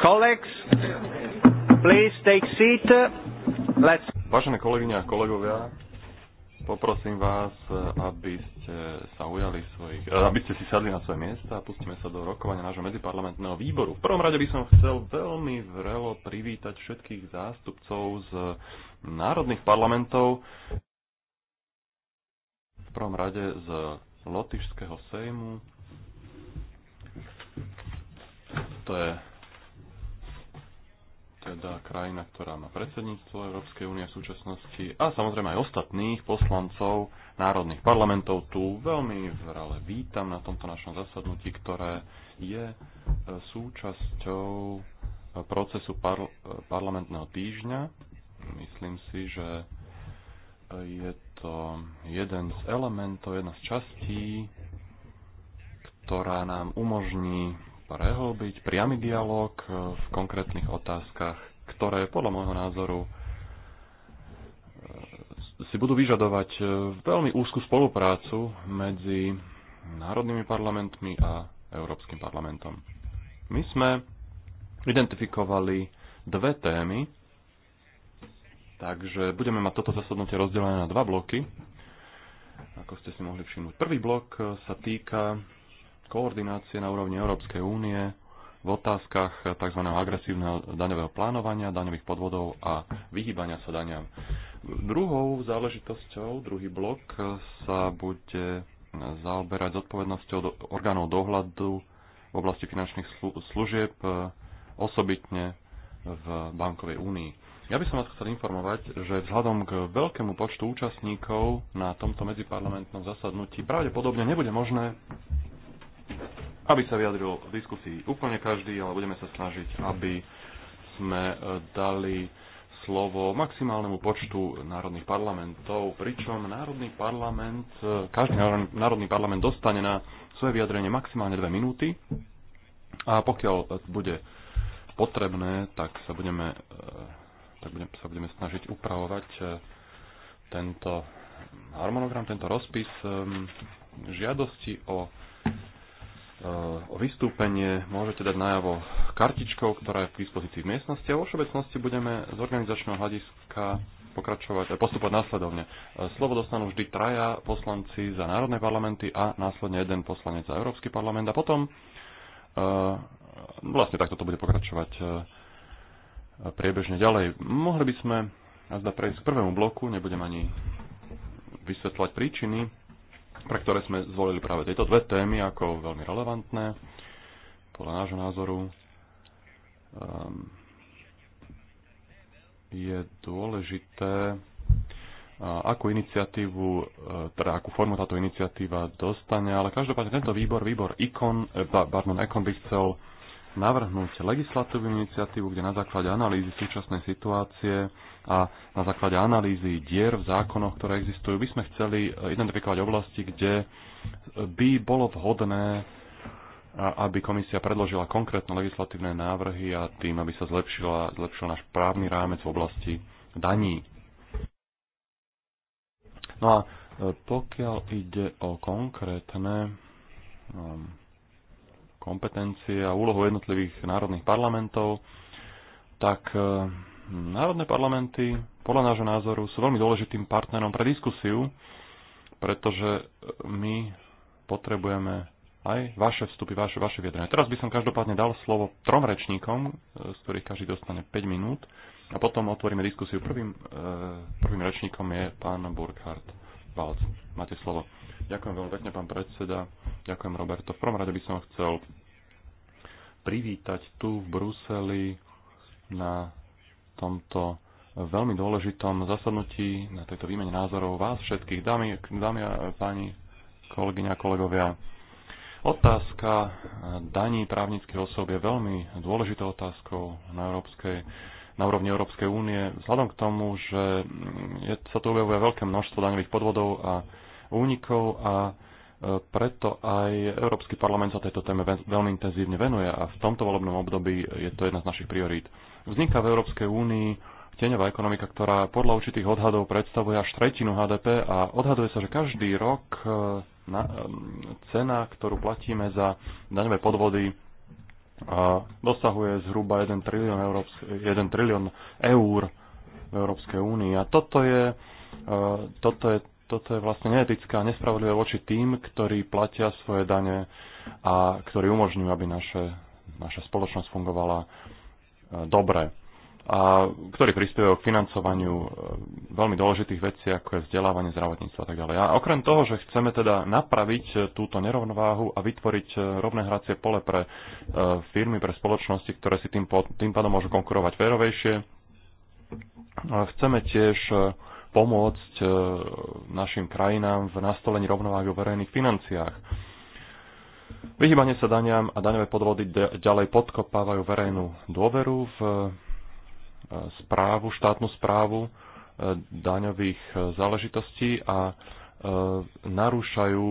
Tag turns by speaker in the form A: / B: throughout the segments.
A: Colleagues, please
B: take seat.
A: Let's... Vážené kolegyne a kolegovia, poprosím vás, aby ste sa ujali svojich, eh, aby ste si sadli na svoje miesta a pustíme sa do rokovania nášho medziparlamentného výboru. V prvom rade by som chcel veľmi vrelo privítať všetkých zástupcov z národných parlamentov, v prvom rade z Lotyšského sejmu, to je teda krajina, ktorá má predsedníctvo Európskej únie v súčasnosti a samozrejme aj ostatných poslancov národných parlamentov tu veľmi vrale vítam na tomto našom zasadnutí, ktoré je e, súčasťou e, procesu par- e, parlamentného týždňa. Myslím si, že je to jeden z elementov, jedna z častí, ktorá nám umožní prehlbiť priamy dialog eh, v konkrétnych otázkach, ktoré podľa môjho názoru eh, si budú vyžadovať eh, veľmi úzkú spoluprácu medzi národnými parlamentmi a Európskym parlamentom. My sme identifikovali dve témy, takže budeme mať toto zasadnutie rozdelené na dva bloky, ako ste si mohli všimnúť. Prvý blok sa týka koordinácie na úrovni Európskej únie v otázkach tzv. agresívneho daňového plánovania, daňových podvodov a vyhýbania sa daňam. Druhou záležitosťou, druhý blok sa bude zaoberať zodpovednosťou orgánov dohľadu v oblasti finančných služieb, e, osobitne v bankovej únii. Ja by som vás chcel informovať, že vzhľadom k veľkému počtu účastníkov na tomto medziparlamentnom zasadnutí pravdepodobne nebude možné aby sa vyjadril v diskusii úplne každý, ale budeme sa snažiť, aby sme e, dali slovo maximálnemu počtu národných parlamentov, pričom národný parlament, e, každý národný parlament dostane na svoje vyjadrenie maximálne dve minúty a pokiaľ bude potrebné, tak sa budeme, e, tak budem, sa budeme snažiť upravovať tento harmonogram, tento rozpis žiadosti o Eh, o vystúpenie môžete dať najavo kartičkou, ktorá je k dispozícii v miestnosti a vo všeobecnosti budeme z organizačného hľadiska pokračovať, eh, postupovať následovne. Eh, slovo dostanú vždy traja poslanci za národné parlamenty a následne jeden poslanec za Európsky parlament a potom vlastne takto to bude pokračovať priebežne ďalej. Mohli by sme nás prejsť k prvému bloku, nebudem ani vysvetľovať príčiny pre ktoré sme zvolili práve tieto dve témy ako veľmi relevantné, podľa nášho názoru. Um, je dôležité, akú iniciatívu, e, teda akú formu táto iniciatíva dostane, ale každopádne tento výbor, výbor ICON, e, pardon, ECON by chcel navrhnúť legislatívnu iniciatívu, kde na základe analýzy súčasnej situácie a na základe analýzy dier v zákonoch, ktoré existujú, by sme chceli eh, identifikovať oblasti, kde eh, by bolo vhodné, aby komisia predložila konkrétne legislatívne návrhy a tým, aby sa zlepšila, zlepšil náš právny rámec v oblasti daní. No a eh, pokiaľ ide o konkrétne ehm, kompetencie a úlohu jednotlivých národných parlamentov, tak Národné parlamenty podľa nášho názoru sú veľmi dôležitým partnerom pre diskusiu, pretože my potrebujeme aj vaše vstupy, vaše, vaše viedrenie. Teraz by som každopádne dal slovo trom rečníkom, eh, z ktorých každý dostane 5 minút a potom otvoríme diskusiu. Prvým, eh, prvým rečníkom je pán Burkhard Balc. Máte slovo. Ďakujem veľmi pekne, pán predseda. Ďakujem, Roberto. V prvom rade by som chcel privítať tu v Bruseli na tomto veľmi dôležitom zasadnutí, na tejto výmene názorov vás všetkých, dámy, dámy a páni, kolegyňa a kolegovia. Otázka daní právnických osob je veľmi dôležitou otázkou na, európskej, na úrovni Európskej únie. Vzhľadom k tomu, že je, sa tu objavuje veľké množstvo daňových podvodov a únikov a e, preto aj Európsky parlament sa tejto téme veľmi intenzívne venuje a v tomto volebnom období je to jedna z našich priorít. Vzniká v Európskej únii tieňová ekonomika, ktorá podľa určitých odhadov predstavuje až tretinu HDP a odhaduje sa, že každý rok e, na, e, cena, ktorú platíme za daňové podvody, a e, dosahuje zhruba 1 trilión, európske, 1 trilión eur v Európskej únii. A toto je, toto je, toto je vlastne neetická a nespravodlivé voči tým, ktorí platia svoje dane a ktorí umožňujú, aby naše, naša spoločnosť fungovala E, dobré. a ktorí prispievajú k financovaniu e, veľmi dôležitých vecí, ako je vzdelávanie, zdravotníctvo a tak ďalej. A okrem toho, že chceme teda napraviť e, túto nerovnováhu a vytvoriť rovné hracie pole pre firmy, pre spoločnosti, ktoré si tým, tým pádom môžu konkurovať férovejšie, chceme tiež pomôcť našim krajinám v nastolení rovnováhy o verejných financiách Vyhýbanie sa daniam a daňové podvody ďalej podkopávajú verejnú dôveru v e, správu, štátnu správu e, daňových e, záležitostí a narúšajú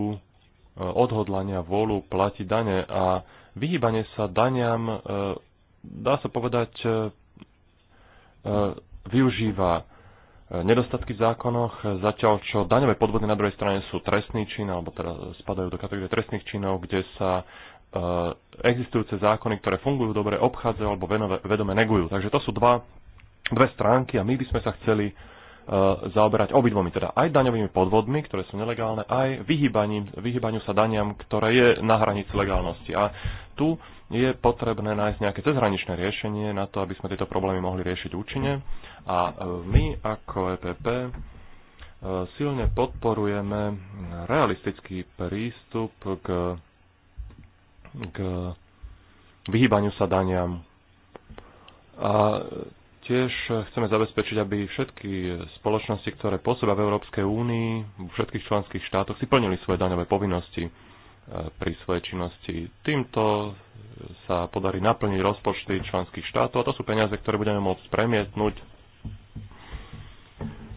A: odhodlania vôľu platiť dane a vyhýbanie sa daniam, dá sa povedať, využíva nedostatky v zákonoch, zatiaľ čo daňové podvody na druhej strane sú trestný čin, alebo teda spadajú do kategórie trestných činov, kde sa e, existujúce zákony, ktoré fungujú dobre, obchádzajú alebo vedome negujú. Takže to sú dva, dve stránky a my by sme sa chceli e, zaoberať obidvomi, teda aj daňovými podvodmi, ktoré sú nelegálne, aj vyhýbaním, vyhýbaniu sa daniam, ktoré je na hranici legálnosti. A tu je potrebné nájsť nejaké cezhraničné riešenie na to, aby sme tieto problémy mohli riešiť účinne. A e, my ako EPP e, silne podporujeme realistický prístup k, k vyhýbaniu sa daniam. A tiež chceme zabezpečiť, aby všetky spoločnosti, ktoré pôsobia v Európskej únii, v všetkých členských štátoch si plnili svoje daňové povinnosti e, pri svojej činnosti. Týmto sa podarí naplniť rozpočty členských štátov a to sú peniaze, ktoré budeme môcť premietnúť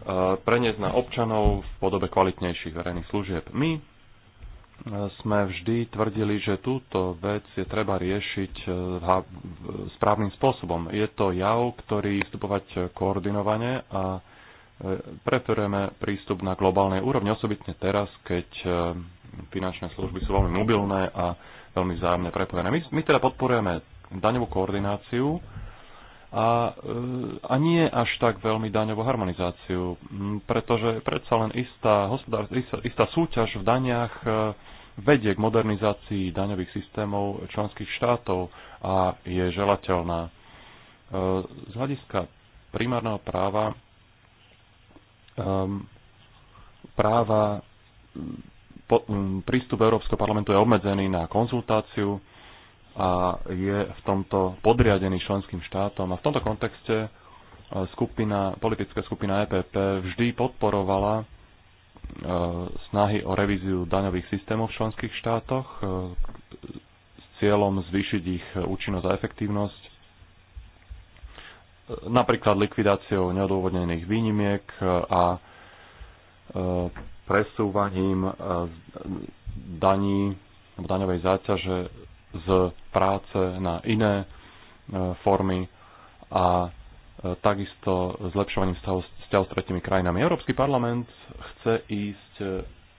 A: E, preniesť na občanov v podobe kvalitnejších verejných služieb. My e, sme vždy tvrdili, že túto vec je treba riešiť e, správnym spôsobom. Je to jav, ktorý vstupovať koordinovane a preferujeme prístup na globálnej úrovni, osobitne teraz, keď finančné služby sú veľmi mobilné a veľmi vzájomne prepojené. My, my teda podporujeme daňovú koordináciu, a, e, a nie až tak veľmi daňovú harmonizáciu, pretože predsa len istá, istá súťaž v daniach e, vedie k modernizácii daňových systémov členských štátov a je želateľná. E, z hľadiska primárneho práva práva prístup Európskeho parlamentu je obmedzený na konzultáciu a je v tomto podriadený členským štátom. A v tomto kontexte e, skupina, politická skupina EPP vždy podporovala e, snahy o revíziu daňových systémov v členských štátoch e, s cieľom zvýšiť ich účinnosť a efektívnosť napríklad likvidáciou neodôvodnených výnimiek a presúvaním daní daňovej záťaže z práce na iné e, formy a e, takisto zlepšovaním vzťahov s tretimi krajinami. Európsky parlament chce ísť e,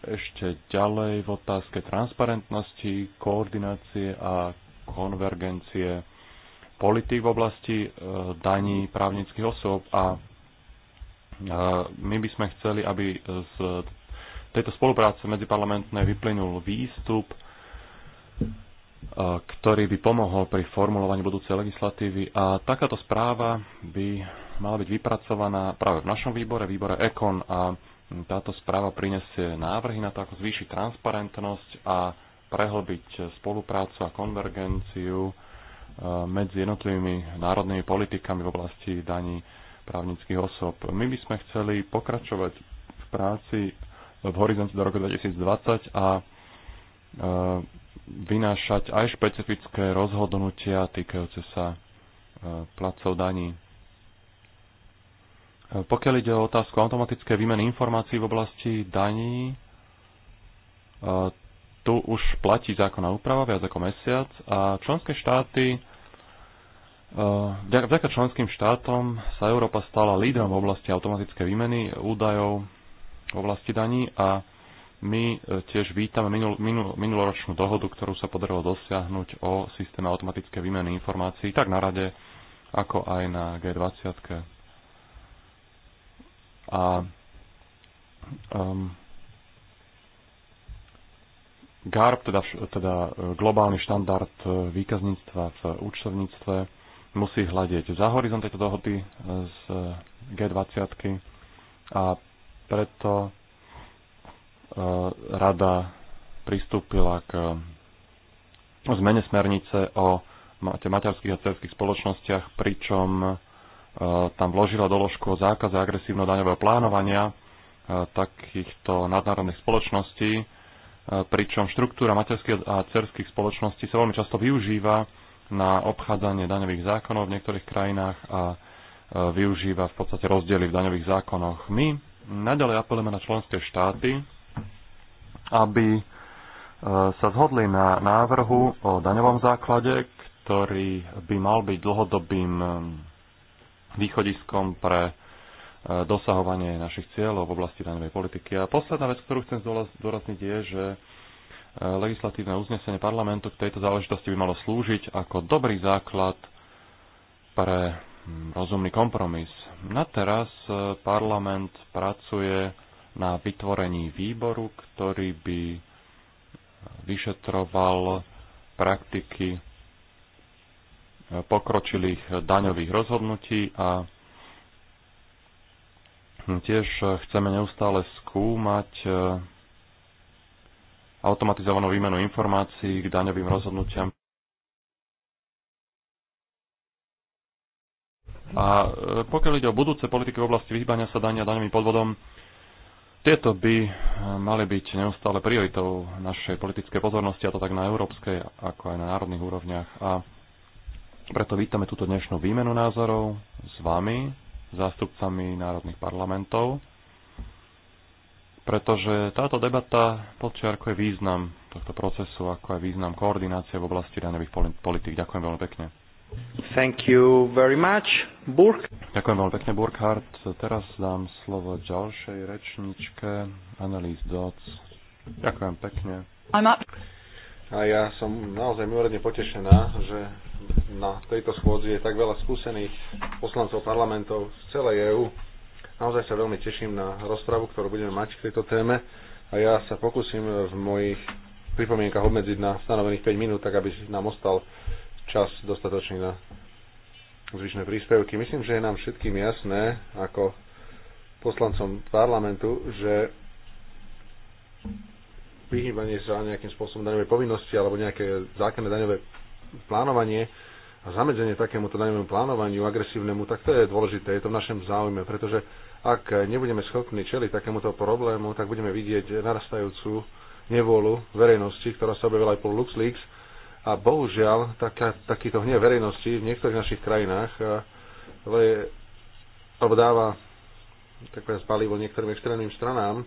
A: ešte ďalej v otázke transparentnosti, koordinácie a konvergencie politik v oblasti daní právnických osôb a my by sme chceli, aby z tejto spolupráce medziparlamentnej vyplynul výstup ktorý by pomohol pri formulovaní budúcej legislatívy. A takáto správa by mala byť vypracovaná práve v našom výbore, výbore EKON a táto správa prinesie návrhy na to, ako zvýšiť transparentnosť a prehlbiť spoluprácu a konvergenciu medzi jednotlivými národnými politikami v oblasti daní právnických osob. My by sme chceli pokračovať v práci v horizonte do roku 2020 a vynášať aj špecifické rozhodnutia týkajúce sa e, placov daní. E, pokiaľ ide o otázku automatické výmeny informácií v oblasti daní, e, tu už platí zákonná úprava viac ako mesiac a členské štáty Vďaka členským štátom sa Európa stala lídrom v oblasti automatickej výmeny údajov v oblasti daní a my e, tiež vítame minul, minul, minuloročnú dohodu, ktorú sa podarilo dosiahnuť o systéme automatické výmeny informácií, tak na rade, ako aj na G20. A um, GARP, teda, teda e, globálny štandard e, výkazníctva v účtovníctve, musí hľadiť za horizont tejto dohody z G20 a preto E, rada pristúpila k e, zmene smernice o materských a cerských spoločnostiach, pričom e, tam vložila doložku o zákaze agresívno-daňového plánovania takýchto nadnárodných spoločností, pričom štruktúra materských a cerských spoločností sa veľmi často využíva na obchádzanie daňových zákonov v niektorých krajinách a využíva v podstate rozdiely v daňových zákonoch. My naďalej apelujeme na členské štáty, aby e, sa zhodli na návrhu o daňovom základe, ktorý by mal byť dlhodobým e, východiskom pre e, dosahovanie našich cieľov v oblasti daňovej politiky. A posledná vec, ktorú chcem zdôrazniť, je, že legislatívne uznesenie parlamentu k tejto záležitosti by malo slúžiť ako dobrý základ pre mm, rozumný kompromis. Na teraz parlament pracuje na vytvorení výboru, ktorý by vyšetroval praktiky pokročilých daňových rozhodnutí a tiež chceme neustále skúmať eh, automatizovanú výmenu informácií k daňovým rozhodnutiam. A eh, pokiaľ ide o budúce politiky v oblasti vyhýbania sa dania daňovým podvodom, tieto by eh, mali byť neustále prioritou našej politickej pozornosti, a to tak na európskej, ako aj na národných úrovniach. A preto vítame túto dnešnú výmenu názorov s vami, zástupcami národných parlamentov, pretože táto debata podčiarkuje význam tohto procesu, ako aj význam koordinácie v oblasti daňových politik. Ďakujem veľmi pekne.
C: Thank you very
A: much. Burk. Ďakujem veľmi pekne, Burkhard. Teraz dám slovo ďalšej rečničke, Annelies Doc. Ďakujem pekne.
C: I'm up. A ja som naozaj mimoriadne potešená, že na tejto schôdzi je tak veľa skúsených poslancov parlamentov z celej EÚ. Naozaj sa veľmi teším na rozpravu, ktorú budeme mať k tejto téme a ja sa pokúsim v mojich pripomienkach obmedziť na stanovených 5 minút, tak aby nám ostal čas dostatočný na zvyšné príspevky. Myslím, že je nám všetkým jasné, ako poslancom parlamentu, že vyhýbanie sa nejakým spôsobom daňovej povinnosti alebo nejaké zákonné daňové plánovanie a zamedzenie takémuto daňovému plánovaniu agresívnemu, tak to je dôležité, je to v našom záujme, pretože ak nebudeme schopní čeliť takémuto problému, tak budeme vidieť narastajúcu nevolu verejnosti, ktorá sa objavila aj po LuxLeaks, a bohužiaľ, taká, takýto hnev verejnosti v niektorých našich krajinách ale, alebo dáva tak spalivo niektorým extrémnym stranám.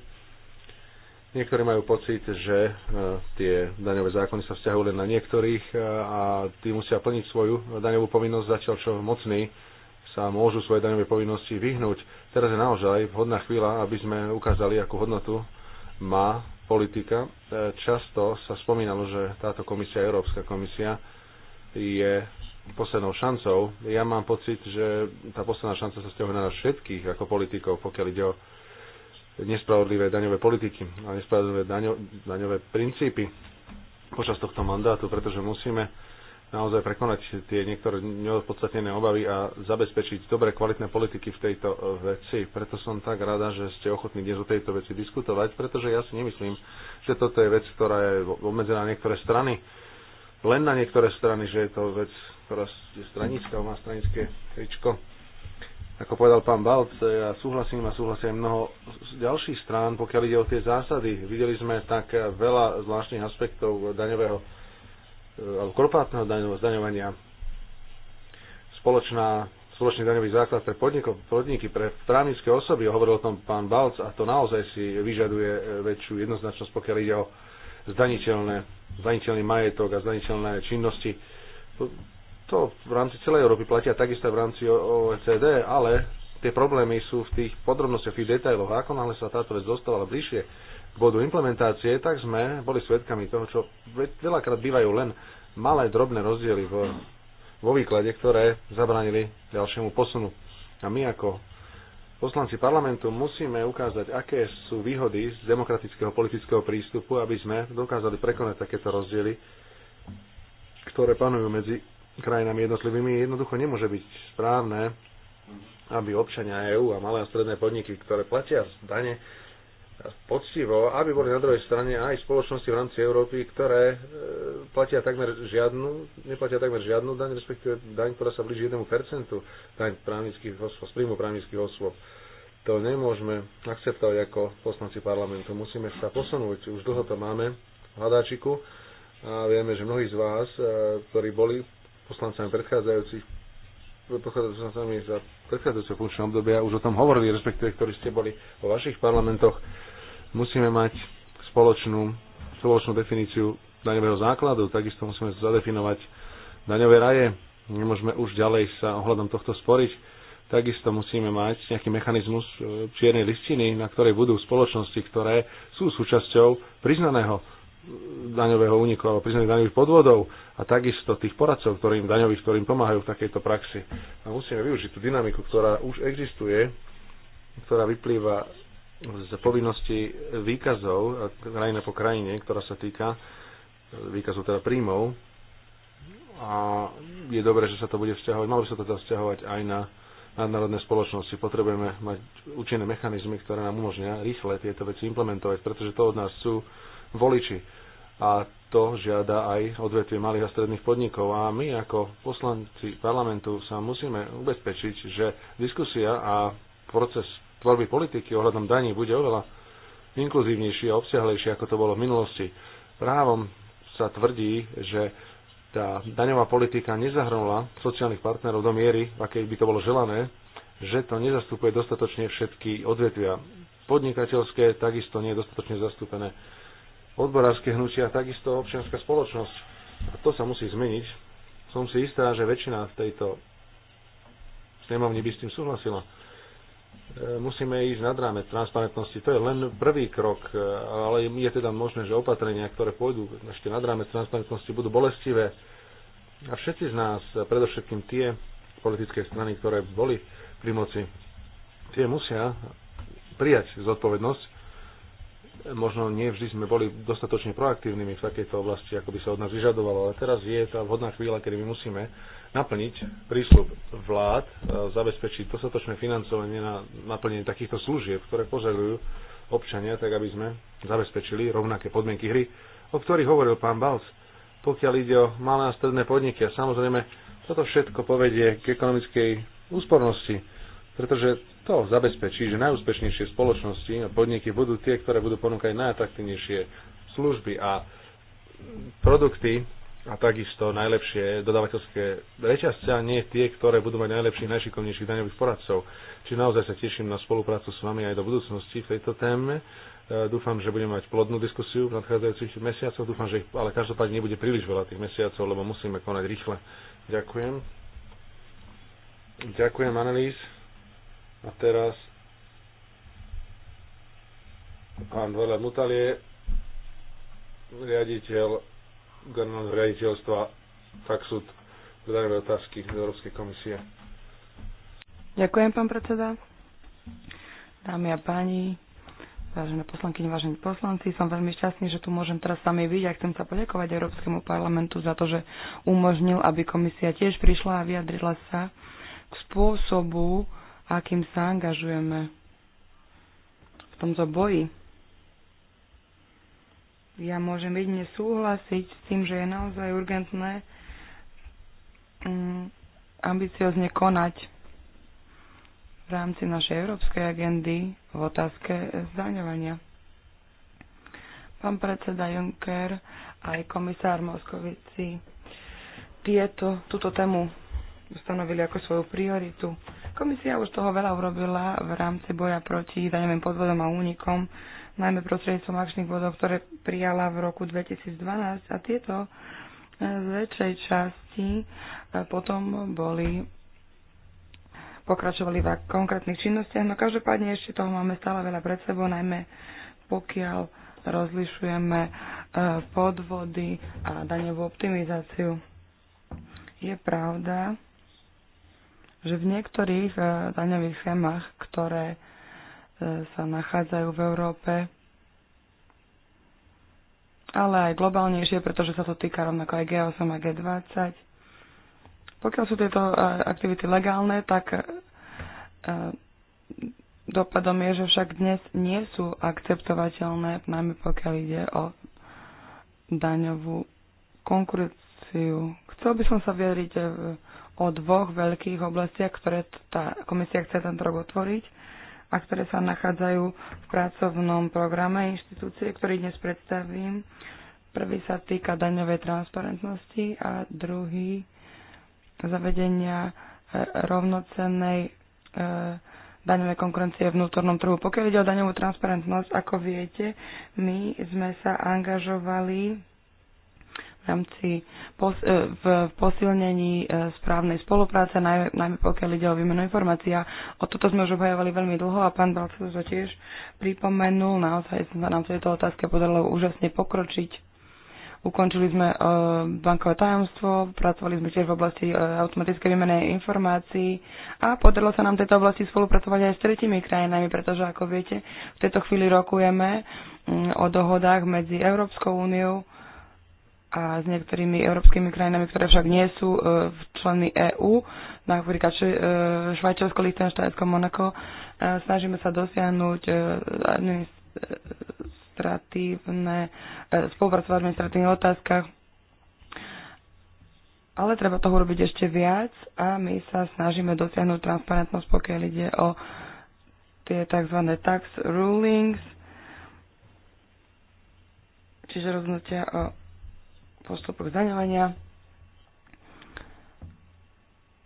C: Niektorí majú pocit, že e, tie daňové zákony sa vzťahujú len na niektorých a tí musia plniť svoju daňovú povinnosť, zatiaľ čo mocní sa môžu svoje daňové povinnosti vyhnúť. Teraz je naozaj vhodná chvíľa, aby sme ukázali, akú hodnotu má politika. E, často sa spomínalo, že táto komisia, Európska komisia, je poslednou šancou. Ja mám pocit, že tá posledná šanca sa stiahuje na nás všetkých ako politikov, pokiaľ ide o nespravodlivé daňové politiky a nespravodlivé daňo, daňové princípy počas tohto mandátu, pretože musíme naozaj prekonať tie niektoré neodpodstatnené obavy a zabezpečiť dobre kvalitné politiky v tejto e, veci. Preto som tak rada, že ste ochotní dnes o tejto veci diskutovať, pretože ja si nemyslím, že toto je vec, ktorá je obmedzená na niektoré strany, len na niektoré strany, že je to vec, ktorá je stranická, má stranické tričko. Ako povedal pán Balc, ja súhlasím a súhlasím mnoho z ďalších strán, pokiaľ ide o tie zásady. Videli sme tak veľa zvláštnych aspektov daňového E, alebo korporátneho zdaňovania, spoločná, spoločný daňový základ pre podnikov, podniky, pre právnické osoby, hovoril o tom pán Balc, a to naozaj si vyžaduje e, väčšiu jednoznačnosť, pokiaľ ide o zdaniteľné, zdaniteľný majetok a zdaniteľné činnosti. To, to v rámci celej Európy platia takisto v rámci OECD, ale tie problémy sú v tých podrobnostiach, v tých detailoch. Ako náhle sa táto vec dostávala bližšie bodu implementácie, tak sme boli svedkami toho, čo veľakrát bývajú len malé drobné rozdiely vo, vo výklade, ktoré zabranili ďalšiemu posunu. A my ako poslanci parlamentu musíme ukázať, aké sú výhody z demokratického politického prístupu, aby sme dokázali prekonať takéto rozdiely, ktoré panujú medzi krajinami jednotlivými. Jednoducho nemôže byť správne, aby občania EÚ a malé a stredné podniky, ktoré platia dane, poctivo, aby boli na druhej strane aj spoločnosti v rámci Európy, ktoré e, platia takmer žiadnu, neplatia takmer žiadnu daň, respektíve daň, ktorá sa blíži 1% daň právnických osôb, z príjmu právnických osôb. To nemôžeme akceptovať ako poslanci parlamentu. Musíme sa posunúť. Už dlho to máme v hľadáčiku a vieme, že mnohí z vás, e, ktorí boli poslancami predchádzajúcich predchádzajúcich za predchádzajúceho funkčného obdobia už o tom hovorili, respektíve ktorí ste boli vo vašich parlamentoch Musíme mať spoločnú, spoločnú definíciu daňového základu, takisto musíme zadefinovať daňové raje. Nemôžeme už ďalej sa ohľadom tohto sporiť. Takisto musíme mať nejaký mechanizmus e, čiernej listiny, na ktorej budú spoločnosti, ktoré sú súčasťou priznaného e, daňového úniku alebo priznaných daňových podvodov a takisto tých poradcov, ktorým daňových, ktorým pomáhajú v takejto praxi. A musíme využiť tú dynamiku, ktorá už existuje, ktorá vyplýva z povinnosti výkazov krajina po krajine, ktorá sa týka e, výkazov teda príjmov a je dobré, že sa to bude vzťahovať, malo by sa to teda vzťahovať aj na nadnárodné spoločnosti. Potrebujeme mať účinné mechanizmy, ktoré nám umožnia rýchle tieto veci implementovať, pretože to od nás sú voliči. A to žiada aj odvetvie malých a stredných podnikov. A my ako poslanci parlamentu sa musíme ubezpečiť, že diskusia a proces tvorby politiky ohľadom daní bude oveľa inkluzívnejší a obsiahlejší, ako to bolo v minulosti. Právom sa tvrdí, že tá daňová politika nezahrnula sociálnych partnerov do miery, akej by to bolo želané, že to nezastupuje dostatočne všetky odvetvia. Podnikateľské takisto nie je dostatočne zastúpené. Odborárske hnutia, takisto občianská spoločnosť. A to sa musí zmeniť. Som si istá, že väčšina v tejto snemovni by s tým súhlasila. E, musíme ísť nad rámec transparentnosti. To je len prvý krok, e, ale je teda možné, že opatrenia, ktoré pôjdu ešte nad rámec transparentnosti, budú bolestivé. A všetci z nás, predovšetkým tie politické strany, ktoré boli pri moci, tie musia prijať zodpovednosť možno nie vždy sme boli dostatočne proaktívnymi v takejto oblasti, ako by sa od nás vyžadovalo, ale teraz je tá vhodná chvíľa, kedy my musíme naplniť prísľub vlád, e, zabezpečiť dostatočné financovanie na naplnenie takýchto služieb, ktoré požadujú občania, tak aby sme zabezpečili rovnaké podmienky hry, o ktorých hovoril pán Balc. Pokiaľ ide o malé a stredné podniky, a samozrejme toto všetko povedie k ekonomickej úspornosti, pretože to zabezpečí, že najúspešnejšie spoločnosti a podniky budú tie, ktoré budú ponúkať najatraktívnejšie služby a produkty a takisto najlepšie dodávateľské reťazce a nie tie, ktoré budú mať najlepších, najšikovnejších daňových poradcov. Čiže naozaj sa teším na spoluprácu s vami aj do budúcnosti v tejto téme. E, dúfam, že budeme mať plodnú diskusiu v nadchádzajúcich mesiacoch. Dúfam, že ich, ale každopádne nebude príliš veľa tých mesiacov, lebo musíme konať rýchle. Ďakujem. Ďakujem, Annelies. A teraz pán Vele Mutalie, riaditeľ generálneho riaditeľstva Taxud zdanové otázky z Európskej komisie.
B: Ďakujem, pán predseda. Dámy a páni, vážené poslankyne, vážení poslanci, som veľmi šťastný, že tu môžem teraz sami byť a chcem sa poďakovať Európskemu parlamentu za to, že umožnil, aby komisia tiež prišla a vyjadrila sa k spôsobu, a akým sa angažujeme v tomto boji. Ja môžem jedine súhlasiť s tým, že je naozaj urgentné mm, ambiciozne konať v rámci našej európskej agendy v otázke zdaňovania. Pán predseda Juncker aj komisár Moskovici tieto, túto tému ustanovili ako svoju prioritu. Komisia už toho veľa urobila v rámci boja proti daňovým podvodom a únikom, najmä prostredníctvom akčných bodov, ktoré prijala v roku 2012 a tieto e, z väčšej časti e, potom boli pokračovali v konkrétnych činnostiach, no každopádne ešte toho máme stále veľa pred sebou, najmä pokiaľ rozlišujeme e, podvody a daňovú optimizáciu. Je pravda, že v niektorých eh, daňových schémach, ktoré eh, sa nachádzajú v Európe, ale aj globálnejšie, pretože sa to týka rovnako aj G8 a G20. Pokiaľ sú tieto eh, aktivity legálne, tak dopadom je, že však dnes nie sú akceptovateľné, najmä pokiaľ ide o daňovú konkurenciu. Chcel by som sa v o dvoch veľkých oblastiach, ktoré tá komisia chce tento rok otvoriť a ktoré sa nachádzajú v pracovnom programe inštitúcie, ktorý dnes predstavím. Prvý sa týka daňovej transparentnosti a druhý zavedenia e, rovnocennej e, daňovej konkurencie v vnútornom trhu. Pokiaľ ide o daňovú transparentnosť, ako viete, my sme sa angažovali v rámci pos- e, v posilnení e, správnej spolupráce, najmä pokiaľ ide o výmenu informácií. o toto sme už obhajovali veľmi dlho a pán Balcov to tiež pripomenul. Naozaj sa nám tejto otázke podarilo úžasne pokročiť. Ukončili sme e, bankové tajomstvo, pracovali sme tiež v oblasti e, automatickej výmene informácií a podarilo sa nám v tejto oblasti spolupracovať aj s tretimi krajinami, pretože ako viete, v tejto chvíli rokujeme mm, o dohodách medzi Európskou úniou, a s niektorými európskymi krajinami, ktoré však nie sú uh, e, členmi EÚ, napríklad e, Švajčiarsko, Liechtensteinsko, Monako, e, snažíme sa dosiahnuť administratívne, spolupracovať v administratívnych otázkach, ale treba toho urobiť ešte viac a my sa snažíme dosiahnuť transparentnosť, pokiaľ ide o tie tzv. tax rulings, čiže rozhodnutia o postupok zdaňovania.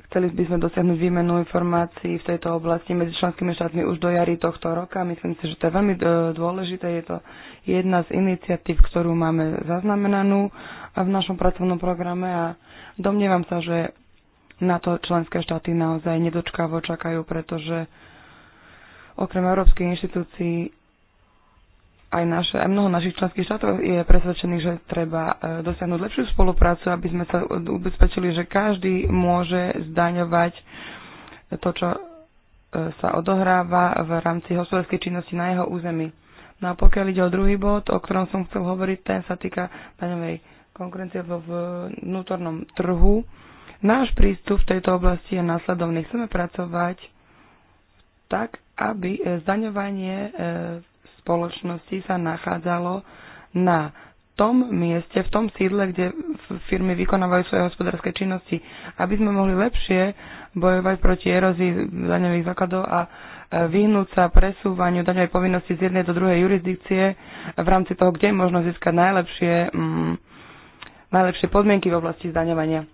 B: Chceli by sme dosiahnuť výmenu informácií v tejto oblasti medzi členskými štátmi už do jary tohto roka. Myslím si, že to je veľmi e, dôležité. Je to jedna z iniciatív, ktorú máme zaznamenanú v našom pracovnom programe a domnievam sa, že na to členské štáty naozaj nedočkavo čakajú, pretože okrem európskych inštitúcií aj, naše, aj mnoho našich členských štátov je presvedčených, že treba e, dosiahnuť lepšiu spoluprácu, aby sme sa ubezpečili, že každý môže zdaňovať to, čo e, sa odohráva v rámci hospodárskej činnosti na jeho území. No a pokiaľ ide o druhý bod, o ktorom som chcel hovoriť, ten sa týka daňovej konkurencie vo vnútornom trhu. Náš prístup v tejto oblasti je následovný. Chceme pracovať tak, aby e, zdaňovanie spoločnosti sa nachádzalo na tom mieste, v tom sídle, kde firmy vykonávajú svoje hospodárske činnosti, aby sme mohli lepšie bojovať proti erózii daňových základov a e, vyhnúť sa presúvaniu daňovej povinnosti z jednej do druhej jurisdikcie v rámci toho, kde je možno získať najlepšie, mm, najlepšie podmienky v oblasti zdaňovania.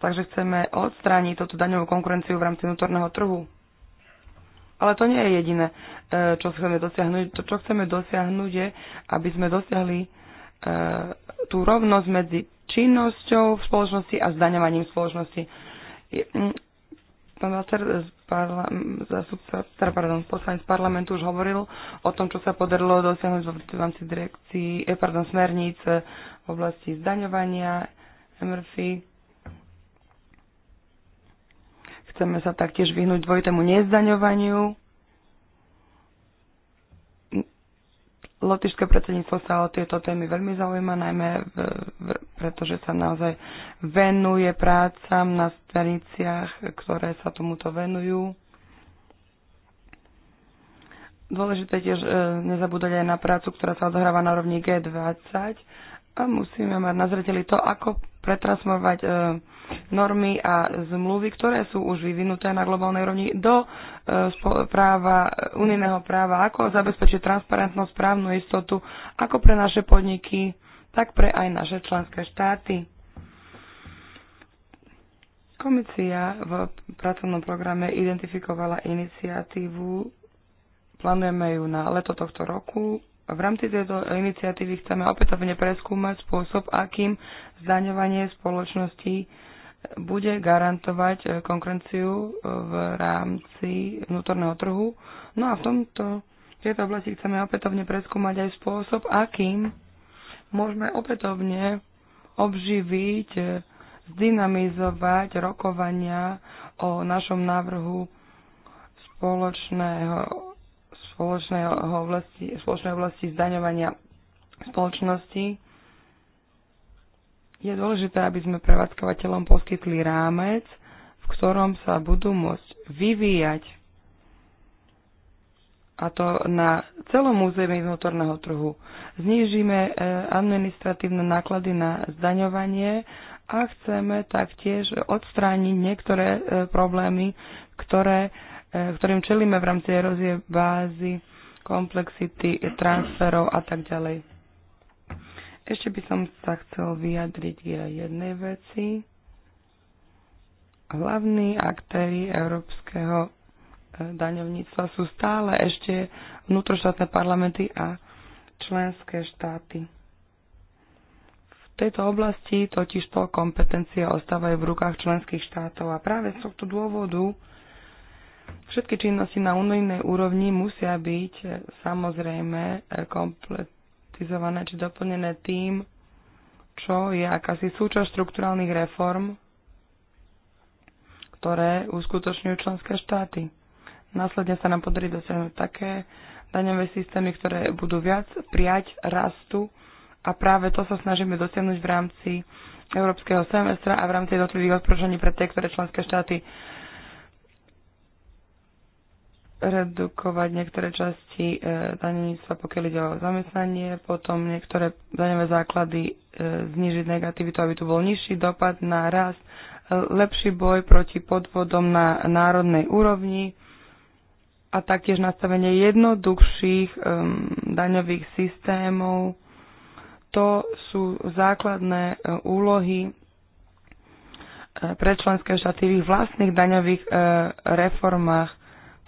B: Takže chceme odstrániť túto daňovú konkurenciu v rámci vnútorného trhu. Ale to nie je jediné, e, čo chceme dosiahnuť. To, čo chceme dosiahnuť, je, aby sme dosiahli e, tú rovnosť medzi činnosťou v spoločnosti a zdaňovaním spoločnosti. Pán Valter, zástupca, teda, pardon, poslanec parlamentu už hovoril o tom, čo sa podarilo dosiahnuť v rámci direkcii e, pardon, smerníc v oblasti zdaňovania, MRFI, Chceme sa taktiež vyhnúť dvojitému nezdaňovaniu. Lotyšské predsedníctvo sa o tieto témy veľmi zaujíma, najmä v, v, pretože sa naozaj venuje prácam na staniciach, ktoré sa tomuto venujú. Dôležité tiež e, nezabúdať aj na prácu, ktorá sa odohráva na rovni G20 a musíme mať na zreteli to, ako pretransformovať e, normy a zmluvy, ktoré sú už vyvinuté na globálnej rovni do e, práva, unijného práva, ako zabezpečiť transparentnosť, právnu istotu, ako pre naše podniky, tak pre aj naše členské štáty. Komisia v pracovnom programe identifikovala iniciatívu, plánujeme ju na leto tohto roku, v rámci tejto iniciatívy chceme opätovne preskúmať spôsob, akým zdaňovanie spoločností bude garantovať e, konkurenciu e, v rámci vnútorného trhu. No a v tomto v tejto oblasti chceme opätovne preskúmať aj spôsob, akým môžeme opätovne obživiť, e, zdynamizovať rokovania o našom návrhu spoločného oblasti, spoločnej oblasti zdaňovania spoločnosti. Je dôležité, aby sme prevádzkovateľom poskytli rámec, v ktorom sa budú môcť vyvíjať a to na celom území vnútorného trhu. Znížime e, administratívne náklady na zdaňovanie a chceme taktiež odstrániť niektoré e, problémy, ktoré Eh, ktorým čelíme v rámci erózie bázy, komplexity transferov a tak ďalej. Ešte by som sa chcel vyjadriť k jednej veci. Hlavní aktéry európskeho eh, daňovníctva sú stále ešte vnútroštátne parlamenty a členské štáty. V tejto oblasti totiž to kompetencie ostávajú v rukách členských štátov a práve z tohto dôvodu Všetky činnosti na unijnej úrovni musia byť e, samozrejme e, kompletizované či doplnené tým, čo je akási súčasť štruktúrálnych reform, ktoré uskutočňujú členské štáty. Následne sa nám podarí dosiahnuť také daňové systémy, ktoré budú viac prijať rastu a práve to sa snažíme dosiahnuť v rámci európskeho semestra a v rámci jednotlivých odporúčaní pre tie, ktoré členské štáty redukovať niektoré časti e, daníctva, pokiaľ ide o zamestnanie, potom niektoré daňové základy e, znižiť negativitu, aby tu bol nižší dopad na rast, e, lepší boj proti podvodom na národnej úrovni a taktiež nastavenie jednoduchších daňových systémov. To sú základné úlohy pre členské štáty v ich vlastných daňových reformách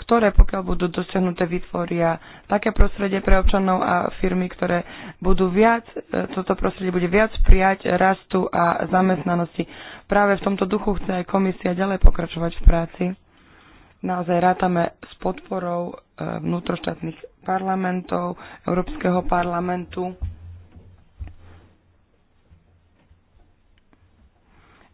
B: ktoré, pokiaľ budú dosiahnuté, vytvoria také prostredie pre občanov a firmy, ktoré budú viac, e, toto prostredie bude viac prijať rastu a zamestnanosti. Práve v tomto duchu chce aj komisia ďalej pokračovať v práci. Naozaj rátame s podporou e, vnútroštátnych parlamentov, Európskeho parlamentu.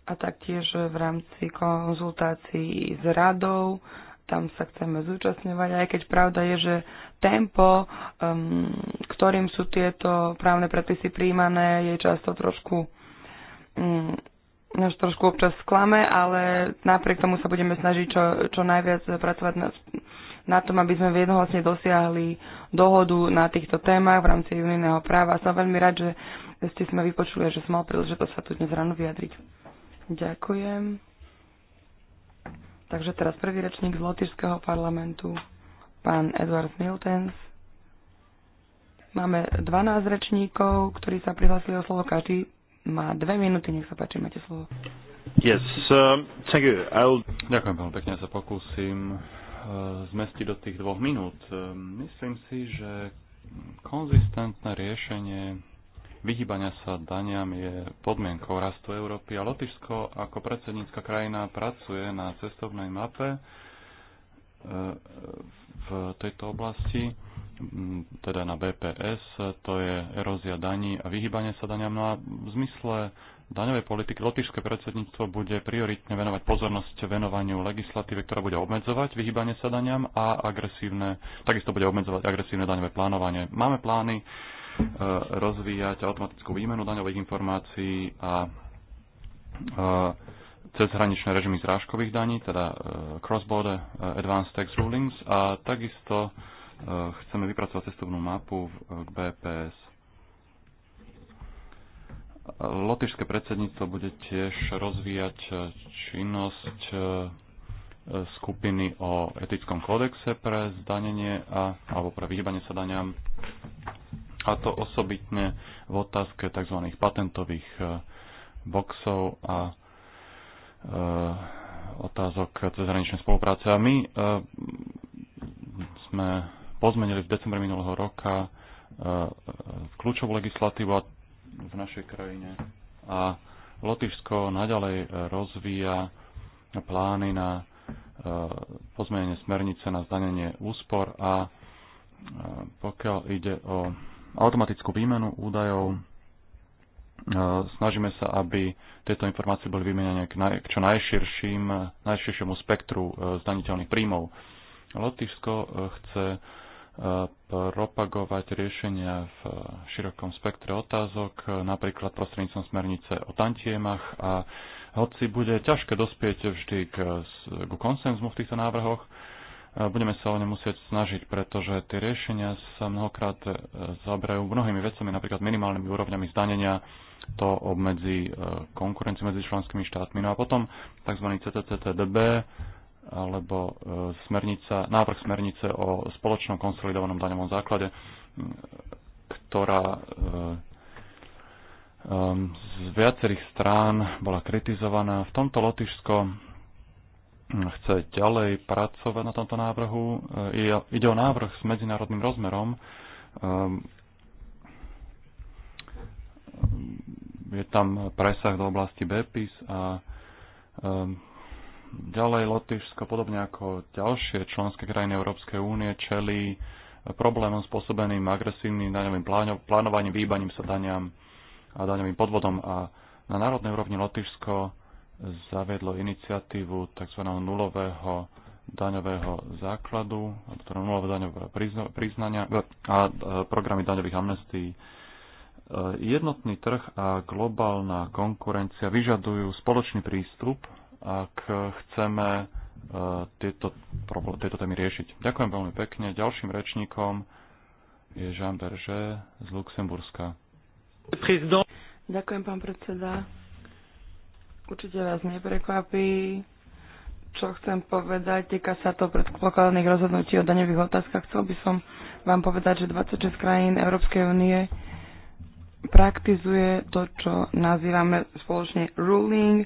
B: a taktiež v rámci konzultácií s radou, tam sa chceme zúčastňovať, aj keď pravda je, že tempo, um, ktorým sú tieto právne predpisy príjmané, je často trošku um, trošku občas sklame, ale napriek tomu sa budeme snažiť čo, čo najviac pracovať na, na tom, aby sme jednohlasne dosiahli dohodu na týchto témach v rámci unijného práva. Som veľmi rád, že ste sme vypočuli, že som mal príležitosť sa tu dnes ráno vyjadriť. Ďakujem. Takže teraz prvý rečník z Lotyšského parlamentu, pán Edward Miltens. Máme 12 rečníkov, ktorí sa prihlásili o slovo. Každý má dve minúty. Nech sa páči, máte slovo.
A: Yes, uh, thank you. I'll... Ďakujem veľmi pekne, sa pokúsim uh, zmestiť do tých dvoch minút. Um, myslím si, že konzistentné riešenie vyhýbania sa daniam je podmienkou rastu Európy a Lotyšsko ako predsednícka krajina pracuje na cestovnej mape e, v tejto oblasti, teda na BPS, to je erózia daní a vyhýbanie sa daniam. No a v zmysle daňovej politiky Lotyšské predsedníctvo bude prioritne venovať pozornosť venovaniu legislatíve, ktorá bude obmedzovať vyhýbanie sa daniam a agresívne, takisto bude obmedzovať agresívne daňové plánovanie. Máme plány E, rozvíjať automatickú výmenu daňových informácií a e, cezhraničné režimy zrážkových daní, teda e, cross-border advanced tax rulings a takisto chceme vypracovať cestovnú mapu k BPS. Lotyšské predsedníctvo bude tiež rozvíjať činnosť skupiny o etickom kódexe pre zdanenie a, alebo pre vyhýbanie sa daniam a to osobitne v otázke tzv. patentových e, boxov a e, otázok cezhraničnej spolupráce. A my e, sme pozmenili v decembri minulého roka kľúčovú legislatívu v našej krajine a Lotyšsko naďalej rozvíja plány na pozmenenie smernice na zdanenie úspor a pokiaľ ide o automatickú výmenu údajov. E, snažíme sa, aby tieto informácie boli vymenené k, naj, k čo najširším, najširšiemu spektru e, zdaniteľných príjmov. Lotyšsko e, chce propagovať riešenia v širokom spektre otázok, napríklad prostredníctvom smernice o tantiemach a hoci bude ťažké dospieť vždy k, k konsenzmu v týchto návrhoch, budeme sa o ne musieť snažiť, pretože tie riešenia sa mnohokrát e, zaberajú mnohými vecami, napríklad minimálnymi úrovňami zdanenia, to obmedzí e, konkurenciu medzi členskými štátmi. No a potom tzv. CCCTDB alebo e, smernica, návrh smernice o spoločnom konsolidovanom daňovom základe, ktorá z viacerých strán bola kritizovaná. V tomto Lotyšsko chce ďalej pracovať na tomto návrhu. E, ide o návrh s medzinárodným rozmerom. Ehm, ehm, je tam presah do oblasti BEPIS a ehm, ďalej Lotyšsko, podobne ako ďalšie členské krajiny Európskej únie, čelí problémom spôsobeným agresívnym daňovým plánovaním, výbaním sa daniam a daňovým podvodom. A na národnej úrovni Lotyšsko zaviedlo iniciatívu tzv. nulového daňového základu, teda nulového daňového priznania e, a e, programy daňových amnestií. E, jednotný trh a globálna konkurencia vyžadujú spoločný prístup, ak chceme tieto, tieto témy riešiť. Ďakujem veľmi pekne. Ďalším rečníkom je Jean Berger z Luxemburska.
B: Ďakujem, pán predseda. Určite vás neprekvapí, čo chcem povedať. Týka sa to predpokladaných rozhodnutí o daňových otázkach. Chcel by som vám povedať, že 26 krajín Európskej únie praktizuje to, čo nazývame spoločne ruling.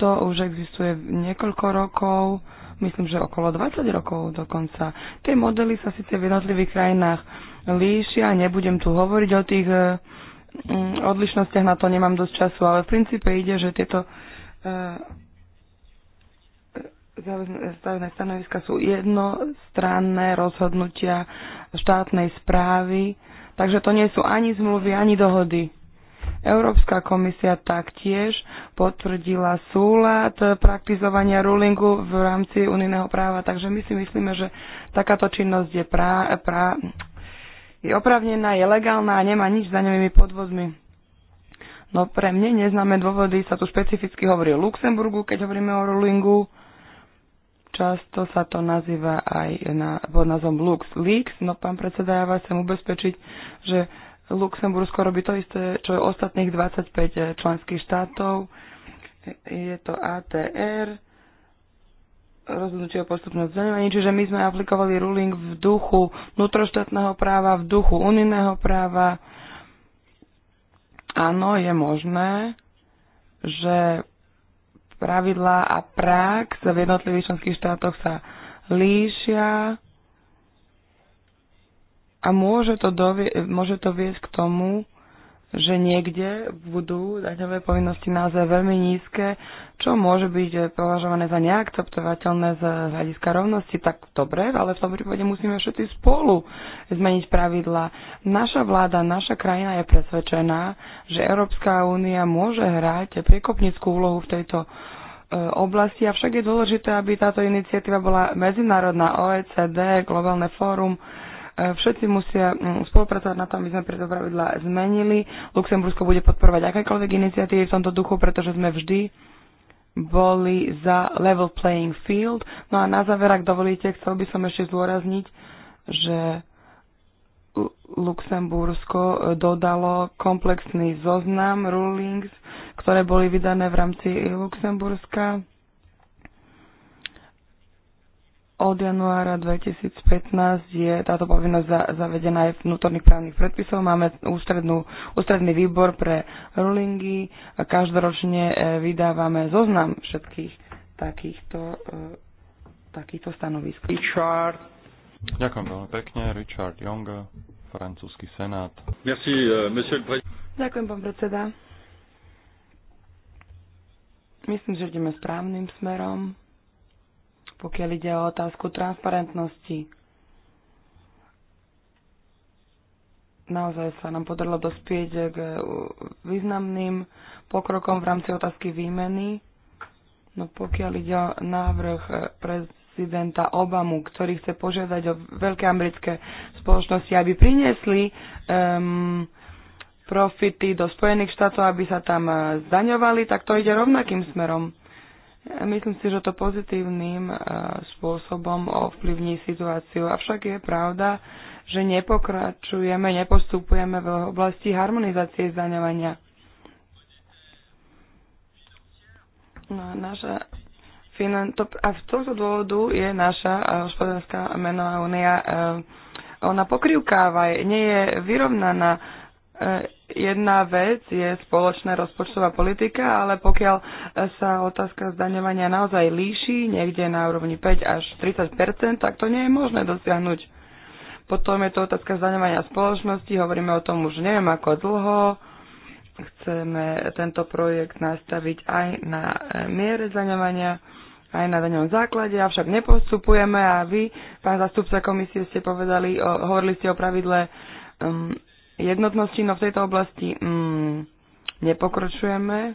B: To už existuje niekoľko rokov, myslím, že okolo 20 rokov dokonca. Tie modely sa síce v jednotlivých krajinách líšia, nebudem tu hovoriť o tých mm, odlišnostiach, na to nemám dosť času, ale v princípe ide, že tieto E, e, e, záväzné stanoviska sú jednostranné rozhodnutia štátnej správy, takže to nie sú ani zmluvy, ani dohody. Európska komisia taktiež potvrdila súlad praktizovania rulingu v rámci unijného práva, takže my si myslíme, že takáto činnosť je, pra, pra, je opravnená, je legálna a nemá nič za daňovými podvozmi. No pre mne neznáme dôvody sa tu špecificky hovorí o Luxemburgu, keď hovoríme o rulingu. Často sa to nazýva aj na, pod názvom Lux Leaks, no pán predseda, ja vás chcem ubezpečiť, že Luxembursko robí to isté, čo je ostatných 25 eh, členských štátov. Je to ATR, rozhodnutie o postupnom zdaňovaní, čiže my sme aplikovali ruling v duchu vnútroštátneho práva, v duchu unijného práva, Áno, je možné, že pravidlá a prax v jednotlivých členských štátoch sa líšia a môže to, dovie, môže to viesť k tomu, že niekde budú daňové povinnosti naozaj veľmi nízke, čo môže byť eh, považované za neakceptovateľné z hľadiska rovnosti, tak dobre, ale v tom prípade musíme všetci spolu zmeniť pravidla. Naša vláda, naša krajina je presvedčená, že Európska únia môže hrať priekopnickú úlohu v tejto eh, oblasti, avšak je dôležité, aby táto iniciatíva bola medzinárodná OECD, globálne fórum, Všetci musia mm, spolupracovať na tom, aby sme preto pravidla zmenili. Luxembursko bude podporovať akékoľvek iniciatívy v tomto duchu, pretože sme vždy boli za level playing field. No a na záver, ak dovolíte, chcel by som ešte zdôrazniť, že Luxembursko e, dodalo komplexný zoznam rulings, ktoré boli vydané v rámci Luxemburska od januára 2015 je táto povinnosť za, zavedená aj v vnútorných právnych predpisov. Máme ústrednú, ústredný výbor pre rulingy a každoročne e, vydávame zoznam všetkých takýchto, e, takýchto stanovisk. Richard.
A: Ďakujem veľmi pekne. Richard Young, francúzsky senát. Merci, e, monsieur
B: Ďakujem, pán predseda. Myslím, že ideme správnym smerom pokiaľ ide o otázku transparentnosti. Naozaj sa nám podarilo dospieť k významným pokrokom v rámci otázky výmeny. No pokiaľ ide o návrh prezidenta Obamu, ktorý chce požiadať o veľké americké spoločnosti, aby priniesli um, profity do Spojených štátov, aby sa tam eh, zdaňovali, tak to ide rovnakým smerom. Myslím si, že to pozitívnym e, spôsobom ovplyvní situáciu. Avšak je pravda, že nepokračujeme, nepostupujeme v oblasti harmonizácie zdaňovania. No, naša finan- to, a z tohto dôvodu je naša e, hospodárska menová únia e, ona pokrivkáva, nie je vyrovnaná Eh, jedna vec je spoločná rozpočtová politika, ale pokiaľ eh, sa otázka zdaňovania naozaj líši niekde na úrovni 5 až 30 tak to nie je možné dosiahnuť. Potom je to otázka zdaňovania spoločnosti, hovoríme o tom už neviem ako dlho. Chceme tento projekt nastaviť aj na eh, miere zdaňovania, aj na daňovom základe, avšak nepostupujeme a vy, pán zastupca komisie, ste povedali, o, hovorili ste o pravidle um, jednotnosti, no v tejto oblasti mm, nepokročujeme.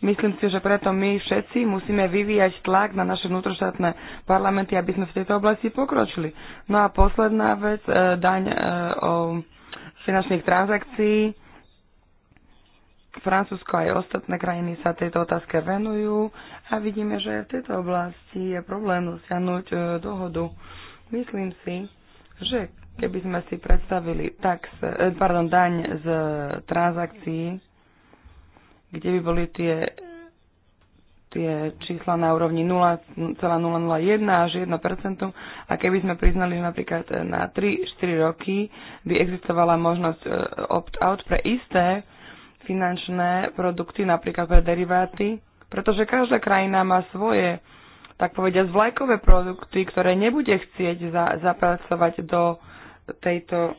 B: Myslím si, že preto my všetci musíme vyvíjať tlak na naše vnútroštátne parlamenty, aby sme v tejto oblasti pokročili. No a posledná vec, e, daň e, o finančných transakcií. Francúzsko aj ostatné krajiny sa tejto otázke venujú a vidíme, že v tejto oblasti je problém dosiahnuť e, dohodu. Myslím si, že Keby sme si predstavili tax, eh, pardon, daň z transakcií, kde by boli tie, tie čísla na úrovni 0,001 až 1%, a keby sme priznali, že napríklad eh, na 3-4 roky by existovala možnosť eh, opt-out pre isté finančné produkty, napríklad pre deriváty, pretože každá krajina má svoje tak povediať, vlajkové produkty, ktoré nebude chcieť za, zapracovať do tejto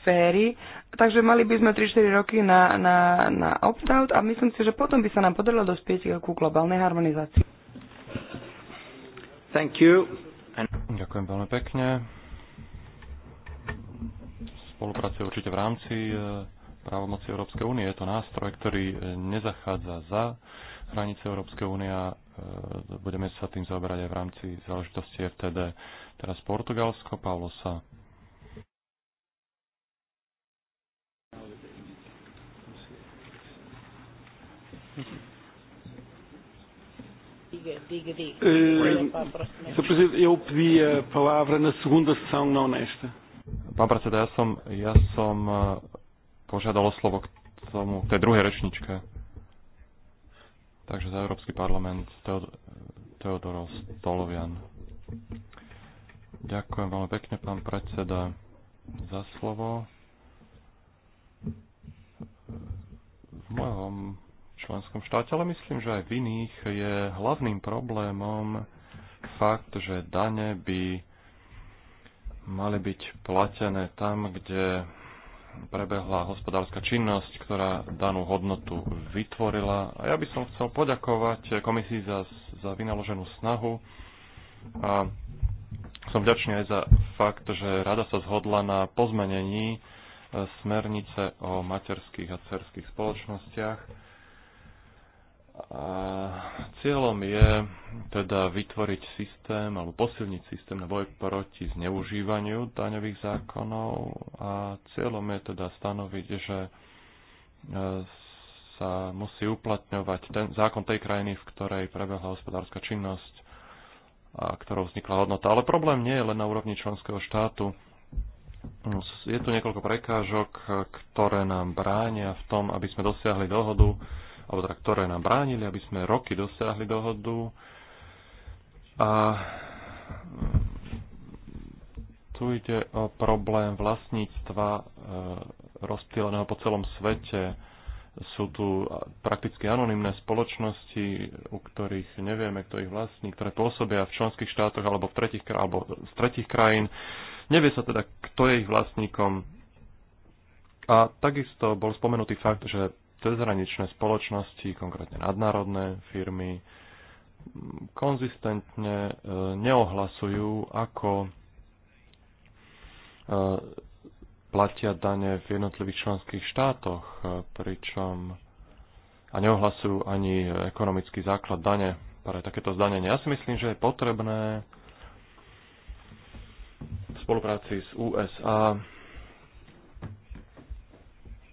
B: sféry. Takže mali by sme 3-4 roky na, na, na opt-out a myslím si, že potom by sa nám podarilo dospieť ku globálnej harmonizácii. Thank
A: you. And... Ďakujem veľmi pekne. Spolupracuje určite v rámci e, právomoci Európskej únie. Je to nástroj, ktorý e, nezachádza za hranice Európskej únie a e, budeme sa tým zaoberať aj v rámci záležitosti FTD. Teraz Portugalsko, Paulo sa
B: Eh, Sr.
C: Presidente, eu pedi a palavra na segunda sessão, não nesta.
A: Pán predseda, ja som, ja som eh, požiadal o slovo k tomu, k tej druhej rečničke. Takže za Európsky parlament Teod- Teodoros Tolovian. Ďakujem veľmi pekne, pán predseda, za slovo. V mojom členskom štáte, ale myslím, že aj v iných je hlavným problémom fakt, že dane by mali byť platené tam, kde prebehla hospodárska činnosť, ktorá danú hodnotu vytvorila. A ja by som chcel poďakovať komisii za, za vynaloženú snahu a som vďačný aj za fakt, že rada sa zhodla na pozmenení e, smernice o materských a cerských spoločnostiach Cieľom je teda vytvoriť systém alebo posilniť systém na boj proti zneužívaniu daňových zákonov a cieľom je teda stanoviť, že e, sa musí uplatňovať ten zákon tej krajiny, v ktorej prebehla hospodárska činnosť a ktorou vznikla hodnota. Ale problém nie je len na úrovni členského štátu. Je tu niekoľko prekážok, ktoré nám bránia v tom, aby sme dosiahli dohodu alebo teda ktoré nám bránili, aby sme roky dosiahli dohodu. A mm, tu ide o problém vlastníctva e, rozptýleného po celom svete. Sú tu prakticky anonimné spoločnosti, u ktorých nevieme, kto ich vlastní, ktoré pôsobia v členských štátoch alebo, v tretich, alebo z tretich krajín. Nevie sa teda, kto je ich vlastníkom. A takisto bol spomenutý fakt, že cezhraničné spoločnosti, konkrétne nadnárodné firmy, konzistentne e, neohlasujú, ako e, platia dane v jednotlivých členských štátoch, e, pričom a neohlasujú ani ekonomický základ dane pre takéto zdanenie. Ja si myslím, že je potrebné v spolupráci s USA,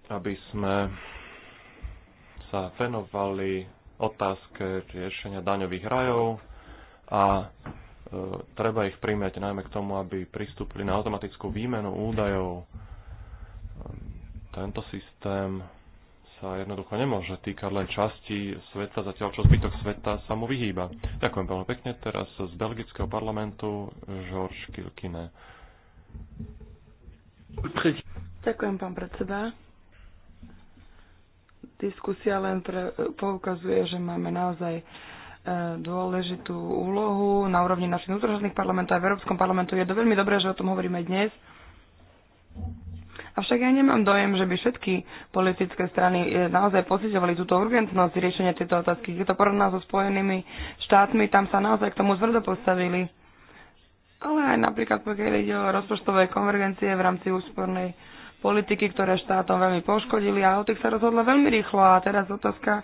A: aby sme sa venovali otázke riešenia daňových rajov a e, treba ich primeť najmä k tomu, aby pristúpili na automatickú výmenu údajov. E, tento systém sa jednoducho nemôže týkať len časti sveta, zatiaľ čo zbytok sveta sa mu vyhýba. Ďakujem veľmi pekne. Teraz z belgického parlamentu Georges Kilkine.
B: Ďakujem, pán predseda. Diskusia len pre, poukazuje, že máme naozaj e, dôležitú úlohu na úrovni našich vnútroštátnych parlamentov a v Európskom parlamentu. Je to veľmi dobré, že o tom hovoríme dnes. Avšak ja nemám dojem, že by všetky politické strany e, naozaj pocitovali túto urgentnosť riešenia tejto otázky. Keď to porovná so Spojenými štátmi, tam sa naozaj k tomu zvrdo postavili. Ale aj napríklad, pokiaľ ide o rozpočtové konvergencie v rámci úspornej politiky, ktoré štátom veľmi poškodili a o tých sa rozhodlo veľmi rýchlo a teraz otázka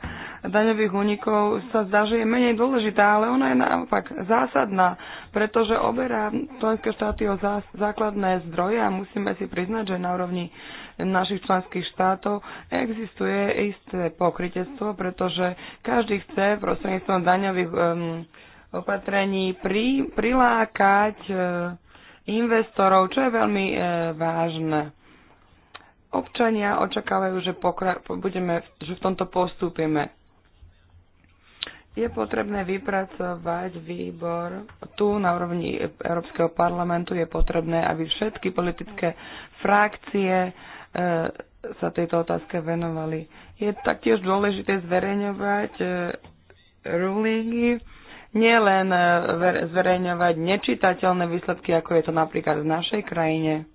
B: daňových únikov sa zdá, že je menej dôležitá, ale ona je naopak zásadná, pretože oberá členské štáty o zás- základné zdroje a musíme si priznať, že na úrovni našich členských štátov existuje isté pokrytectvo, pretože každý chce prostredníctvom daňových um, opatrení pri, prilákať uh, investorov, čo je veľmi uh, vážne občania očakávajú, že, pokra- budeme, že v tomto postúpime. Je potrebné vypracovať výbor tu na úrovni Európskeho parlamentu. Je potrebné, aby všetky politické frakcie e, sa tejto otázke venovali. Je taktiež dôležité zverejňovať e, rulingy, nielen e, zverejňovať nečitateľné výsledky, ako je to napríklad v našej krajine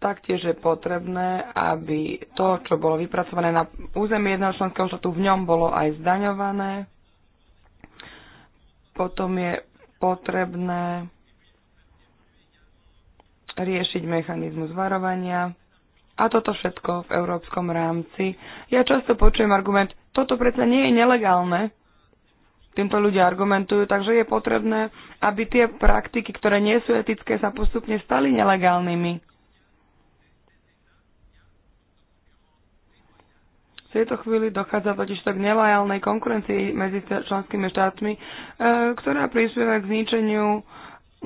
B: Taktiež je potrebné, aby to, čo bolo vypracované na území jedného členského štátu, v ňom bolo aj zdaňované. Potom je potrebné riešiť mechanizmus varovania. A toto všetko v európskom rámci. Ja často počujem argument, toto predsa nie je nelegálne. Týmto ľudia argumentujú, takže je potrebné, aby tie praktiky, ktoré nie sú etické, sa postupne stali nelegálnymi. V tejto chvíli dochádza totiž tak nelojálnej konkurencii medzi členskými štátmi, e, ktorá prispieva k zničeniu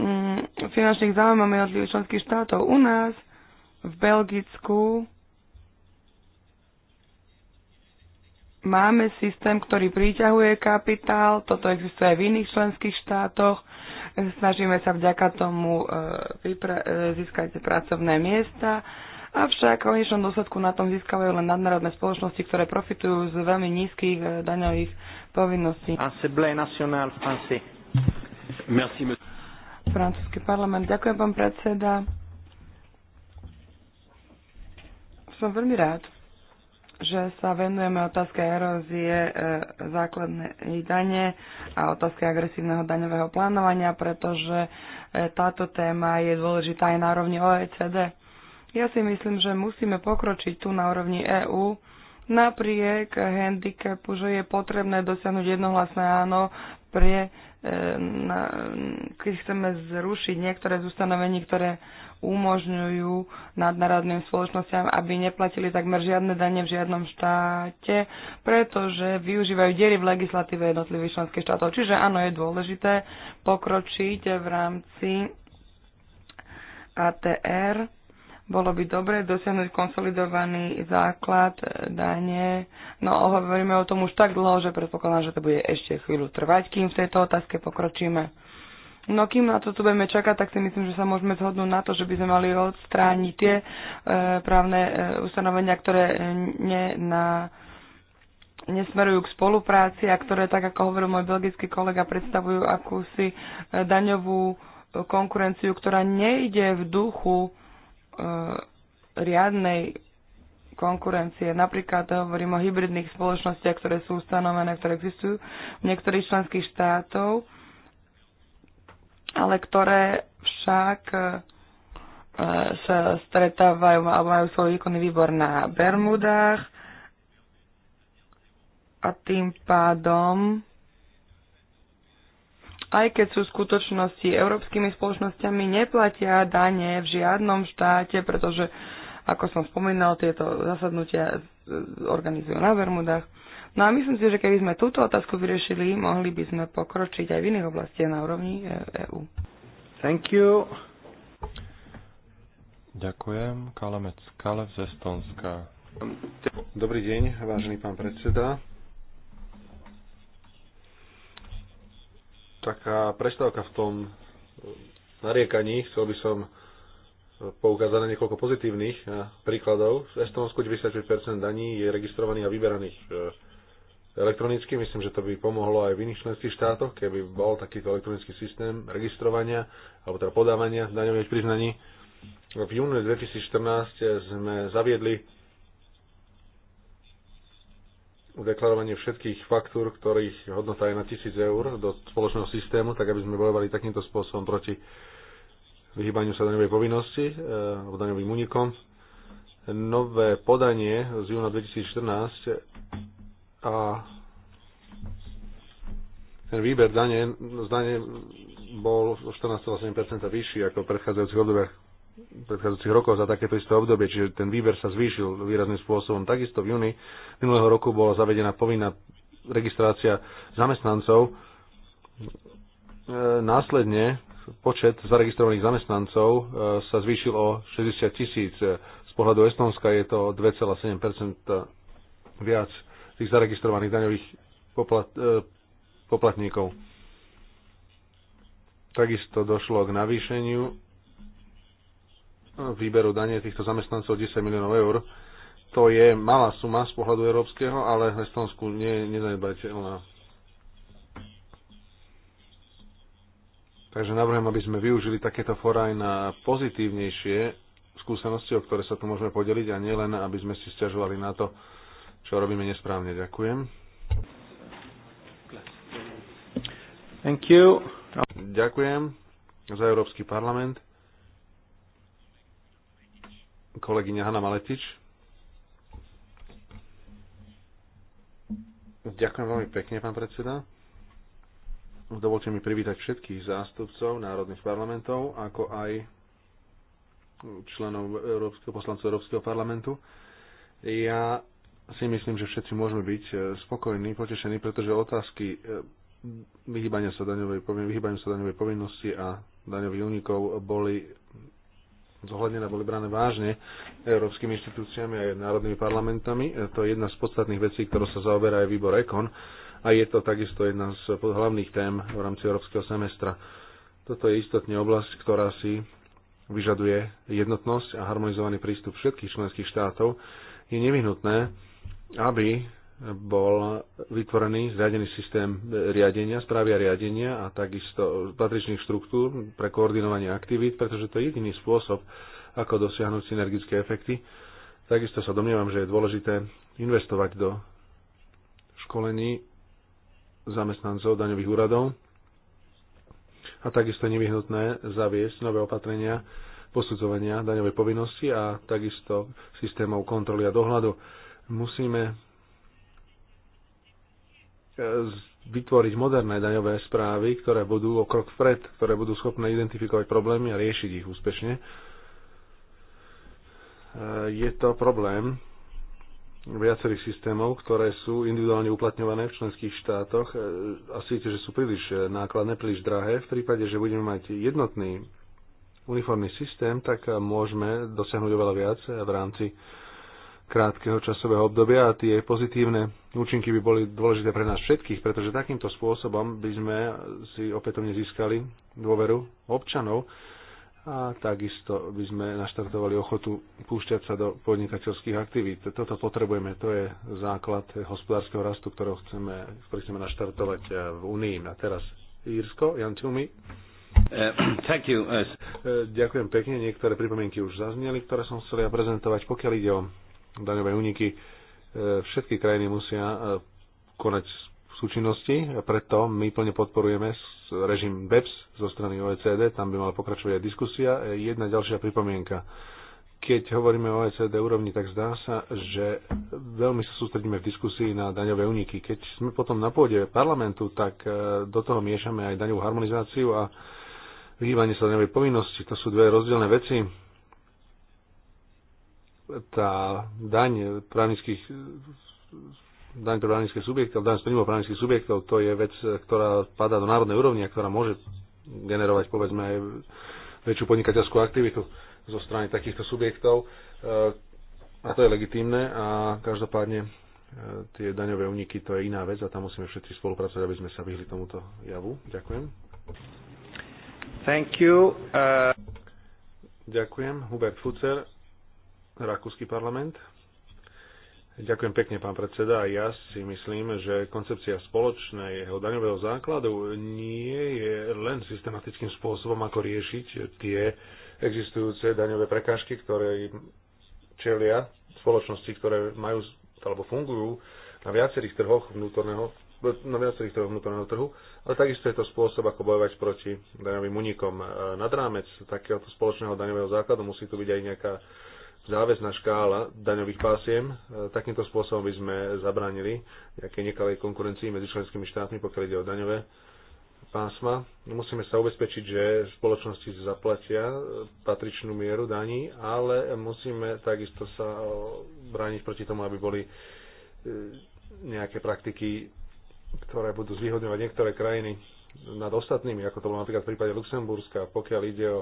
B: mm, finančných záujmov jednotlivých členských štátov. U nás, v Belgicku, máme systém, ktorý priťahuje kapitál, toto existuje aj v iných členských štátoch, snažíme sa vďaka tomu e, e, získať pracovné miesta, Avšak v konečnom dôsledku na tom získavajú len nadnárodné spoločnosti, ktoré profitujú z veľmi nízkych e, daňových povinností. Assemblée ah, nationale Merci, Francúzsky parlament. Ďakujem, pán predseda. Som veľmi rád, že sa venujeme otázke erózie e, základnej dane a otázke agresívneho daňového plánovania, pretože e, táto téma je dôležitá aj na rovni OECD ja si myslím, že musíme pokročiť tu na úrovni EÚ napriek handicapu, že je potrebné dosiahnuť jednohlasné áno pre e, na, keď chceme zrušiť niektoré z ustanovení, ktoré umožňujú nadnárodným spoločnosťam, aby neplatili takmer žiadne dane v žiadnom štáte, pretože využívajú diery v legislatíve jednotlivých členských štátov. Čiže áno, je dôležité pokročiť v rámci ATR bolo by dobre dosiahnuť konsolidovaný základ e, dane. No hovoríme o tom už tak dlho, že predpokladám, že to bude ešte chvíľu trvať, kým v tejto otázke pokročíme. No kým na to tu budeme čakať, tak si myslím, že sa môžeme zhodnúť na to, že by sme mali odstrániť tie e, právne e, ustanovenia, ktoré e, ne, na, nesmerujú k spolupráci a ktoré, tak ako hovoril môj belgický kolega, predstavujú akúsi e, daňovú konkurenciu, ktorá nejde v duchu Eh, riadnej konkurencie. Napríklad hovorím o hybridných spoločnostiach, ktoré sú ustanovené, ktoré existujú v niektorých členských štátov, ale ktoré však eh, sa stretávajú alebo majú svoj výkonný výbor na Bermudách a tým pádom aj keď sú v skutočnosti európskymi spoločnosťami, neplatia dane v žiadnom štáte, pretože, ako som spomínal, tieto zasadnutia e, organizujú na Vermudách. No a myslím si, že keby sme túto otázku vyriešili, mohli by sme pokročiť aj v iných oblastiach na úrovni EÚ. E Thank you.
A: Ďakujem. Kalamec Kalev z Estonska.
C: Dobrý deň, vážený pán predseda. taká prestávka v tom eh, nariekaní. Chcel by som eh, poukázať na niekoľko pozitívnych eh, príkladov. V Estonsku 95% daní je registrovaných a vyberaných elektronicky. Myslím, že to by pomohlo aj v iných členských štátoch, keby bol takýto elektronický systém registrovania alebo teda podávania daňových priznaní. V júni 2014 sme zaviedli deklarovanie všetkých faktúr, ktorých hodnota je na 1000 eur do spoločného systému, tak aby sme bojovali takýmto spôsobom proti vyhýbaniu sa daňovej povinnosti, e, alebo daňovým únikom. Nové podanie z júna 2014 a ten výber dane, z dane bol 14,7% vyšší ako v predchádzajúcich obdobiach predchádzajúcich rokov za takéto isté obdobie, čiže ten výber sa zvýšil výrazným spôsobom. Takisto v júni minulého roku bola zavedená povinná registrácia zamestnancov. E, následne počet zaregistrovaných zamestnancov e, sa zvýšil o 60 tisíc. Z pohľadu Estonska je to 2,7 viac tých zaregistrovaných daňových poplat, e, poplatníkov. Takisto došlo k navýšeniu výberu dane týchto zamestnancov 10 miliónov eur. To je malá suma z pohľadu európskeho, ale v Estonsku nie je nezanedbateľná. Takže navrhujem, aby sme využili takéto foraj na pozitívnejšie skúsenosti, o ktoré sa tu môžeme podeliť a nielen, aby sme si stiažovali na to, čo robíme nesprávne. Ďakujem. Thank you. Ďakujem za Európsky parlament kolegyňa Hanna Maletič. Ďakujem veľmi pekne, pán predseda. Dovolte mi privítať všetkých zástupcov národných parlamentov, ako aj členov Európskeho, poslancov Európskeho parlamentu. Ja si myslím, že všetci môžeme byť spokojní, potešení, pretože otázky eh, vyhýbania sa daňovej, vyhýbania sa daňovej povinnosti a daňových únikov boli zohľadnené, boli brané vážne európskymi inštitúciami aj národnými parlamentami. E, to je jedna z podstatných vecí, ktorou sa zaoberá aj výbor EKON a je to takisto jedna z hlavných tém v rámci európskeho semestra. Toto je istotne oblasť, ktorá si vyžaduje jednotnosť a harmonizovaný prístup všetkých členských štátov. Je nevyhnutné, aby bol vytvorený zriadený systém riadenia, správy a riadenia a takisto patričných štruktúr pre koordinovanie aktivít, pretože to je jediný spôsob, ako dosiahnuť synergické efekty. Takisto sa domnievam, že je dôležité investovať do školení zamestnancov daňových úradov a takisto je nevyhnutné zaviesť nové opatrenia posudzovania daňovej povinnosti a takisto systémov kontroly a dohľadu. Musíme E, vytvoriť moderné daňové správy, ktoré budú o krok vpred, ktoré budú schopné identifikovať problémy a riešiť ich úspešne. E, je to problém viacerých systémov, ktoré sú individuálne uplatňované v členských štátoch e, a síte, že sú príliš nákladné, príliš drahé. V prípade, že budeme mať jednotný uniformný systém, tak môžeme dosiahnuť oveľa viac v rámci krátkeho časového obdobia a tie pozitívne účinky by boli dôležité pre nás všetkých, pretože takýmto spôsobom by sme si opätovne získali dôveru občanov a takisto by sme naštartovali ochotu púšťať sa do podnikateľských aktivít. Toto potrebujeme, to je základ hospodárskeho rastu, ktorého chceme, ktorý chceme naštartovať v Unii. A teraz Írsko, Jan Uh, Ďakujem pekne, niektoré pripomienky už zazneli, ktoré som chcel ja prezentovať. Pokiaľ ide o daňové úniky, Všetky krajiny musia e, konať v súčinnosti, preto my plne podporujeme režim BEPS zo strany OECD, tam by mala pokračovať aj diskusia. E, jedna ďalšia pripomienka. Keď hovoríme o OECD úrovni, tak zdá sa, že veľmi sa sústredíme v diskusii na daňové úniky. Keď sme potom na pôde parlamentu, tak e, do toho miešame aj daňovú harmonizáciu a vyhýbanie sa daňovej povinnosti. To sú dve rozdielne veci tá daň právnických daň pre právnické subjektov, daň z príjmu právnických subjektov, to je vec, ktorá padá do národnej úrovni a ktorá môže generovať povedzme aj väčšiu podnikateľskú aktivitu zo strany takýchto subjektov. E, a to je legitímne a každopádne e, tie daňové uniky to je iná vec a tam musíme všetci spolupracovať, aby sme sa vyhli tomuto javu. Ďakujem. Thank you. Uh... Ďakujem. Hubert Fucer. Rakúsky parlament. Ďakujem pekne, pán predseda. Ja si myslím, že koncepcia spoločného daňového základu nie je len systematickým spôsobom, ako riešiť tie existujúce daňové prekážky, ktoré čelia spoločnosti, ktoré majú alebo fungujú na viacerých trhoch vnútorného na viacerých trhoch vnútorného trhu, ale takisto je to spôsob, ako bojovať proti daňovým unikom. Nad rámec takéhoto spoločného daňového základu musí tu byť aj nejaká záväzná škála daňových pásiem. E, Takýmto spôsobom by sme zabránili nejaké nekalej konkurencii medzi členskými štátmi, pokiaľ ide o daňové pásma. Musíme sa ubezpečiť, že spoločnosti zaplatia e, patričnú mieru daní, ale musíme takisto sa e, brániť proti tomu, aby boli nejaké praktiky, ktoré budú zvýhodňovať niektoré krajiny nad ostatnými, ako to bolo napríklad v prípade Luxemburska, pokiaľ ide o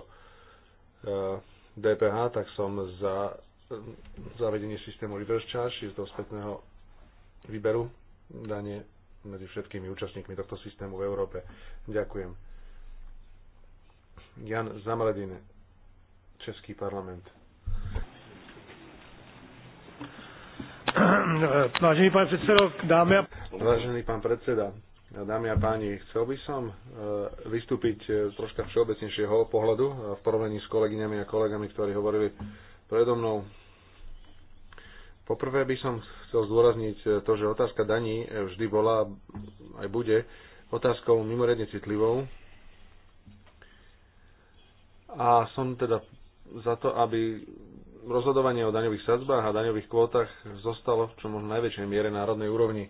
C: DPH, tak som za hm, zavedenie systému reverse charge, čiže do spätného výberu dane medzi všetkými účastníkmi tohto systému v Európe. Ďakujem. Jan Zamaledin, Český parlament. Vážený pán predseda, dámy a... Vážený pán predseda, Dámy a páni, chcel by som eh, vystúpiť eh, z troška všeobecnejšieho pohľadu eh, v porovnaní s kolegyňami a kolegami, ktorí hovorili predo mnou. Poprvé by som chcel zdôrazniť to, že otázka daní vždy bola aj bude otázkou mimoriadne citlivou. A som teda za to, aby rozhodovanie o daňových sadzbách a daňových kvótach zostalo v čo možno najväčšej miere národnej úrovni.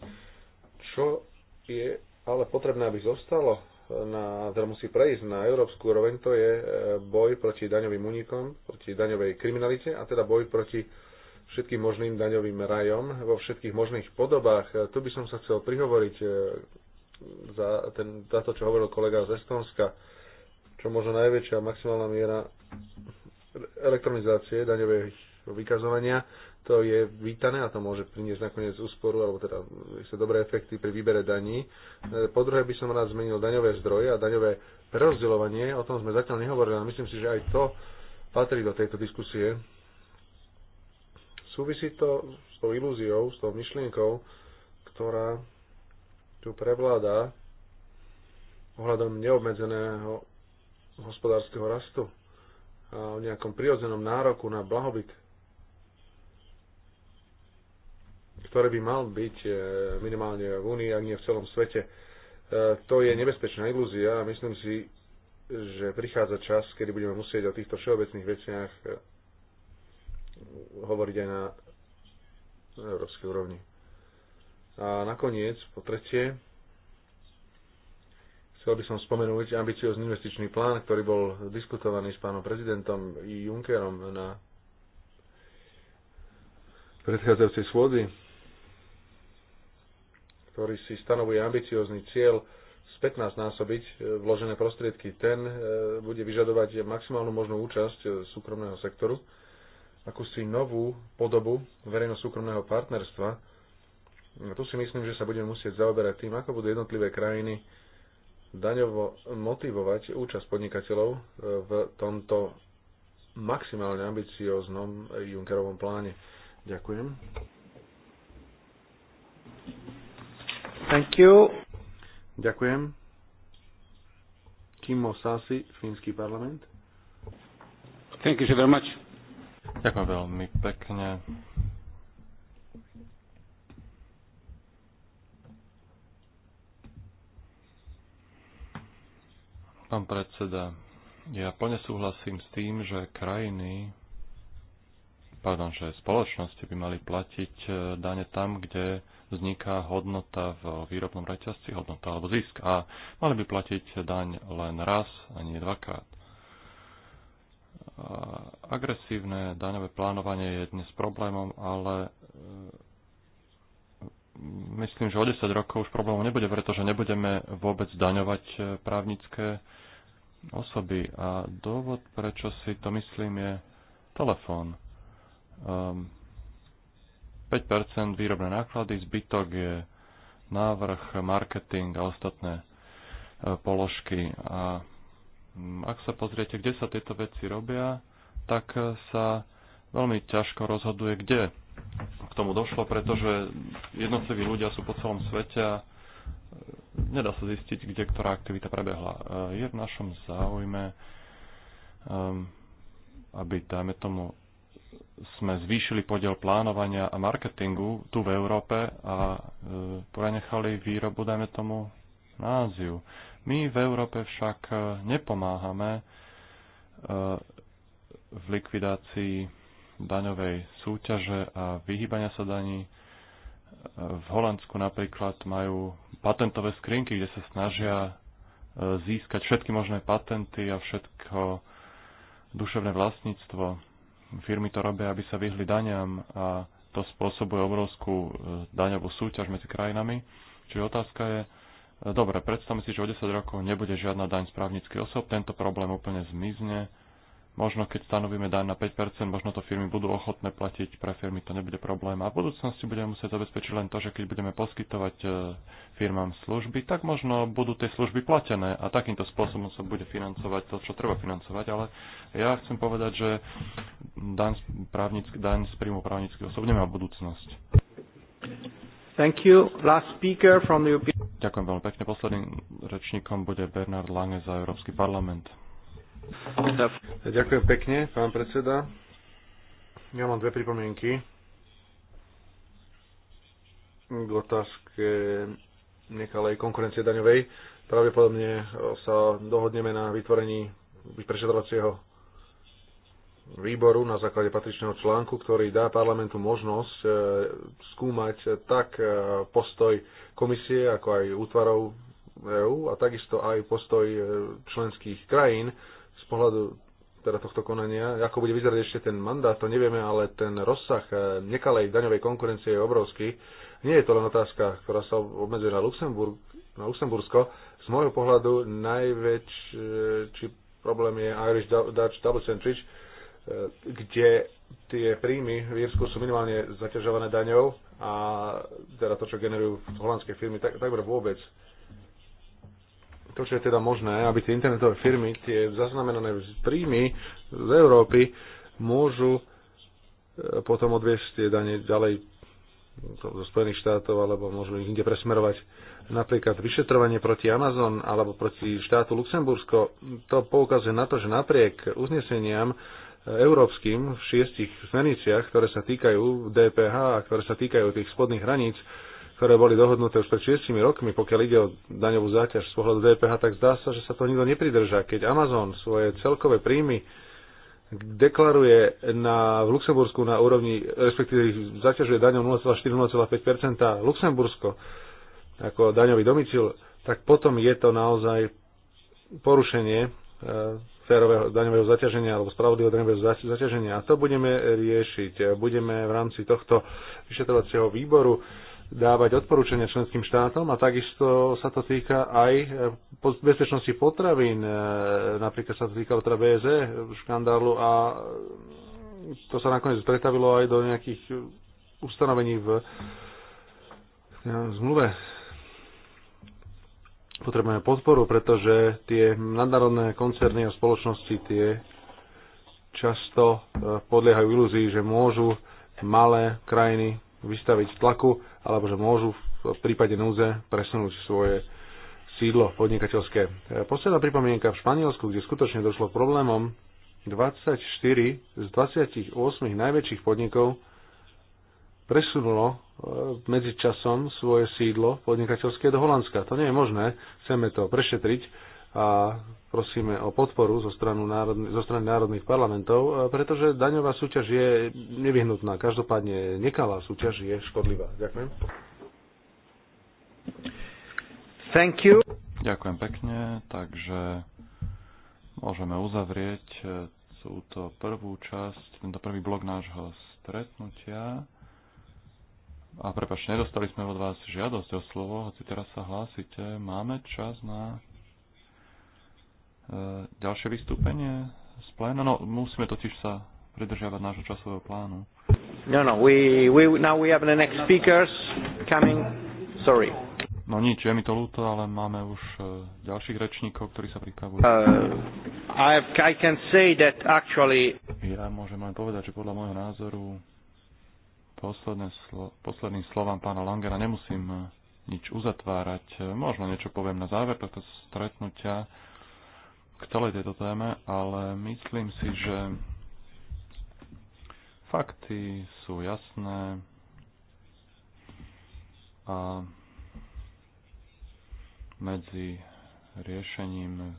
C: Čo je ale potrebné, aby zostalo, na, teda musí prejsť na európsku úroveň, to je e, boj proti daňovým únikom, proti daňovej kriminalite a teda boj proti všetkým možným daňovým rajom vo všetkých možných podobách. E, tu by som sa chcel prihovoriť e, za, ten, za to, čo hovoril kolega z Estonska, čo možno najväčšia maximálna miera elektronizácie daňového vykazovania to je vítané a to môže priniesť nakoniec úsporu alebo teda sa dobré efekty pri výbere daní. E, po druhé by som rád zmenil daňové zdroje a daňové prerozdeľovanie, o tom sme zatiaľ nehovorili, ale myslím si, že aj to patrí do tejto diskusie. Súvisí to s tou ilúziou, s tou myšlienkou, ktorá tu prevláda ohľadom neobmedzeného hospodárskeho rastu a o nejakom prirodzenom nároku na blahobyt ktoré by mal byť e, minimálne v Únii, ak nie v celom svete. E, to je nebezpečná ilúzia a myslím si, že prichádza čas, kedy budeme musieť o týchto všeobecných veciach e, hovoriť aj na európskej úrovni. A nakoniec, po tretie, chcel by som spomenúť ambiciózny investičný plán, ktorý bol diskutovaný s pánom prezidentom Junckerom na predchádzajúcej schôdzi ktorý si stanovuje ambiciózny cieľ z 15 násobiť e, vložené prostriedky. Ten e, bude vyžadovať maximálnu možnú účasť e, súkromného sektoru, akúsi novú podobu verejno-súkromného partnerstva. A tu si myslím, že sa budeme musieť zaoberať tým, ako budú jednotlivé krajiny daňovo motivovať účasť podnikateľov v tomto maximálne ambicióznom Junckerovom pláne. Ďakujem. Thank you. Ďakujem. Kimmo Sasi, Fínsky parlament. Thank you very much.
A: Ďakujem veľmi pekne. Pán predseda, ja plne súhlasím s tým, že krajiny, pardon, že spoločnosti by mali platiť eh, dane tam, kde vzniká hodnota v výrobnom reťazci, hodnota alebo zisk. A mali by platiť daň len raz a nie dvakrát. Agresívne daňové plánovanie je dnes problémom, ale e, myslím, že o 10 rokov už problémov nebude, pretože nebudeme vôbec daňovať e, právnické osoby. A dôvod, prečo si to myslím, je telefón. Um, 5 výrobné náklady, zbytok je návrh, marketing a ostatné e, položky. A mm, ak sa pozriete, kde sa tieto veci robia, tak e, sa veľmi ťažko rozhoduje, kde k tomu došlo, pretože jednotliví ľudia sú po celom svete a e, nedá sa zistiť, kde ktorá aktivita prebehla. Je v našom záujme, aby, dajme tomu, sme zvýšili podiel plánovania a marketingu tu v Európe a e, prenechali výrobu, dajme tomu, na Áziu. My v Európe však e, nepomáhame e, v likvidácii daňovej súťaže a vyhýbania sa daní. V Holandsku napríklad majú patentové skrinky, kde sa snažia získať všetky možné patenty a všetko duševné vlastníctvo firmy to robia, aby sa vyhli daňam a to spôsobuje obrovskú e, daňovú súťaž medzi krajinami. Čiže otázka je, e, dobre, predstavme si, že o 10 rokov nebude žiadna daň z právnických osob, tento problém úplne zmizne Možno keď stanovíme daň na 5%, možno to firmy budú ochotné platiť, pre firmy to nebude problém. A v budúcnosti budeme musieť zabezpečiť len to, že keď budeme poskytovať e, firmám služby, tak možno budú tie služby platené a takýmto spôsobom sa bude financovať to, čo treba financovať. Ale ja chcem povedať, že daň, právnický, daň z príjmu právnických osob nemá budúcnosť. Thank you. Last speaker from the European... Ďakujem veľmi pekne. Posledným rečníkom bude Bernard Lange za Európsky parlament.
C: Ďakujem pekne, pán predseda. Ja mám dve pripomienky k otázke nekalej konkurencie daňovej. Pravdepodobne sa dohodneme na vytvorení prešetrovacieho výboru na základe patričného článku, ktorý dá parlamentu možnosť e, skúmať tak e, postoj komisie, ako aj útvarov EÚ a takisto aj postoj e, členských krajín pohľadu teda tohto konania, ako bude vyzerať ešte ten mandát, to nevieme, ale ten rozsah eh, nekalej daňovej konkurencie je obrovský. Nie je to len otázka, ktorá sa obmedzuje na, Luxemburg, na Luxembursko. Z môjho pohľadu najväčší eh, problém je Irish Dutch Double Centric, eh, kde tie príjmy v Írsku sú minimálne zaťažované daňou a teda to, čo generujú holandské firmy, tak, takmer vôbec to, čo je teda možné, aby tie internetové firmy, tie zaznamenané príjmy z Európy, môžu e, potom odviesť tie dane ďalej do Spojených štátov, alebo môžu ich inde presmerovať. Napríklad vyšetrovanie proti Amazon alebo proti štátu Luxembursko, to poukazuje na to, že napriek uzneseniam e, európskym v šiestich smerniciach, ktoré sa týkajú DPH a ktoré sa týkajú tých spodných hraníc, ktoré boli dohodnuté už pred 6 rokmi, pokiaľ ide o daňovú záťaž z pohľadu DPH, tak zdá sa, že sa to nikto nepridrža. Keď Amazon svoje celkové príjmy deklaruje na, v Luxembursku na úrovni, respektíve ich zaťažuje daňou 0,4-0,5 Luxembursko ako daňový domicil, tak potom je to naozaj porušenie e, férového daňového zaťaženia alebo spravodlivého daňového zaťaženia. A to budeme riešiť. Budeme v rámci tohto vyšetrovacieho výboru dávať odporúčania členským štátom a takisto sa to týka aj eh, bezpečnosti potravín. Eh, napríklad sa to týkalo teda BZ e, škandálu a eh, to sa nakoniec pretavilo aj do nejakých ustanovení v zmluve. Potrebujeme podporu, pretože tie nadnárodné koncerny a spoločnosti tie často podliehajú ilúzii, že môžu malé krajiny vystaviť tlaku alebo že môžu v prípade núze presunúť svoje sídlo podnikateľské. E, Posledná pripomienka v Španielsku, kde skutočne došlo k problémom, 24 z 28 najväčších podnikov presunulo e, medzičasom svoje sídlo podnikateľské do Holandska. To nie je možné, chceme to prešetriť a prosíme o podporu zo, stranu zo strany národných parlamentov, e, pretože daňová súťaž je nevyhnutná. Každopádne nekalá súťaž je škodlivá. Ďakujem. Thank you.
A: Ďakujem pekne, takže môžeme uzavrieť e, túto prvú časť, tento prvý blok nášho stretnutia. A prepačne nedostali sme od vás žiadosť o slovo, hoci teraz sa hlásite. Máme čas na E, ďalšie vystúpenie z pléna? No, musíme totiž sa pridržiavať nášho časového plánu.
C: No, no, we, we, now we have the next speakers coming. Sorry.
A: No nič, je mi to ľúto, ale máme už e, ďalších rečníkov, ktorí sa pripravujú. Uh,
C: I, I can say that actually...
A: Ja môžem len povedať, že podľa môjho názoru posledné slo- posledným slovám pána Langera nemusím e, nič uzatvárať. Možno niečo poviem na záver tohto stretnutia k celej tejto téme, ale myslím si, že fakty sú jasné a medzi riešením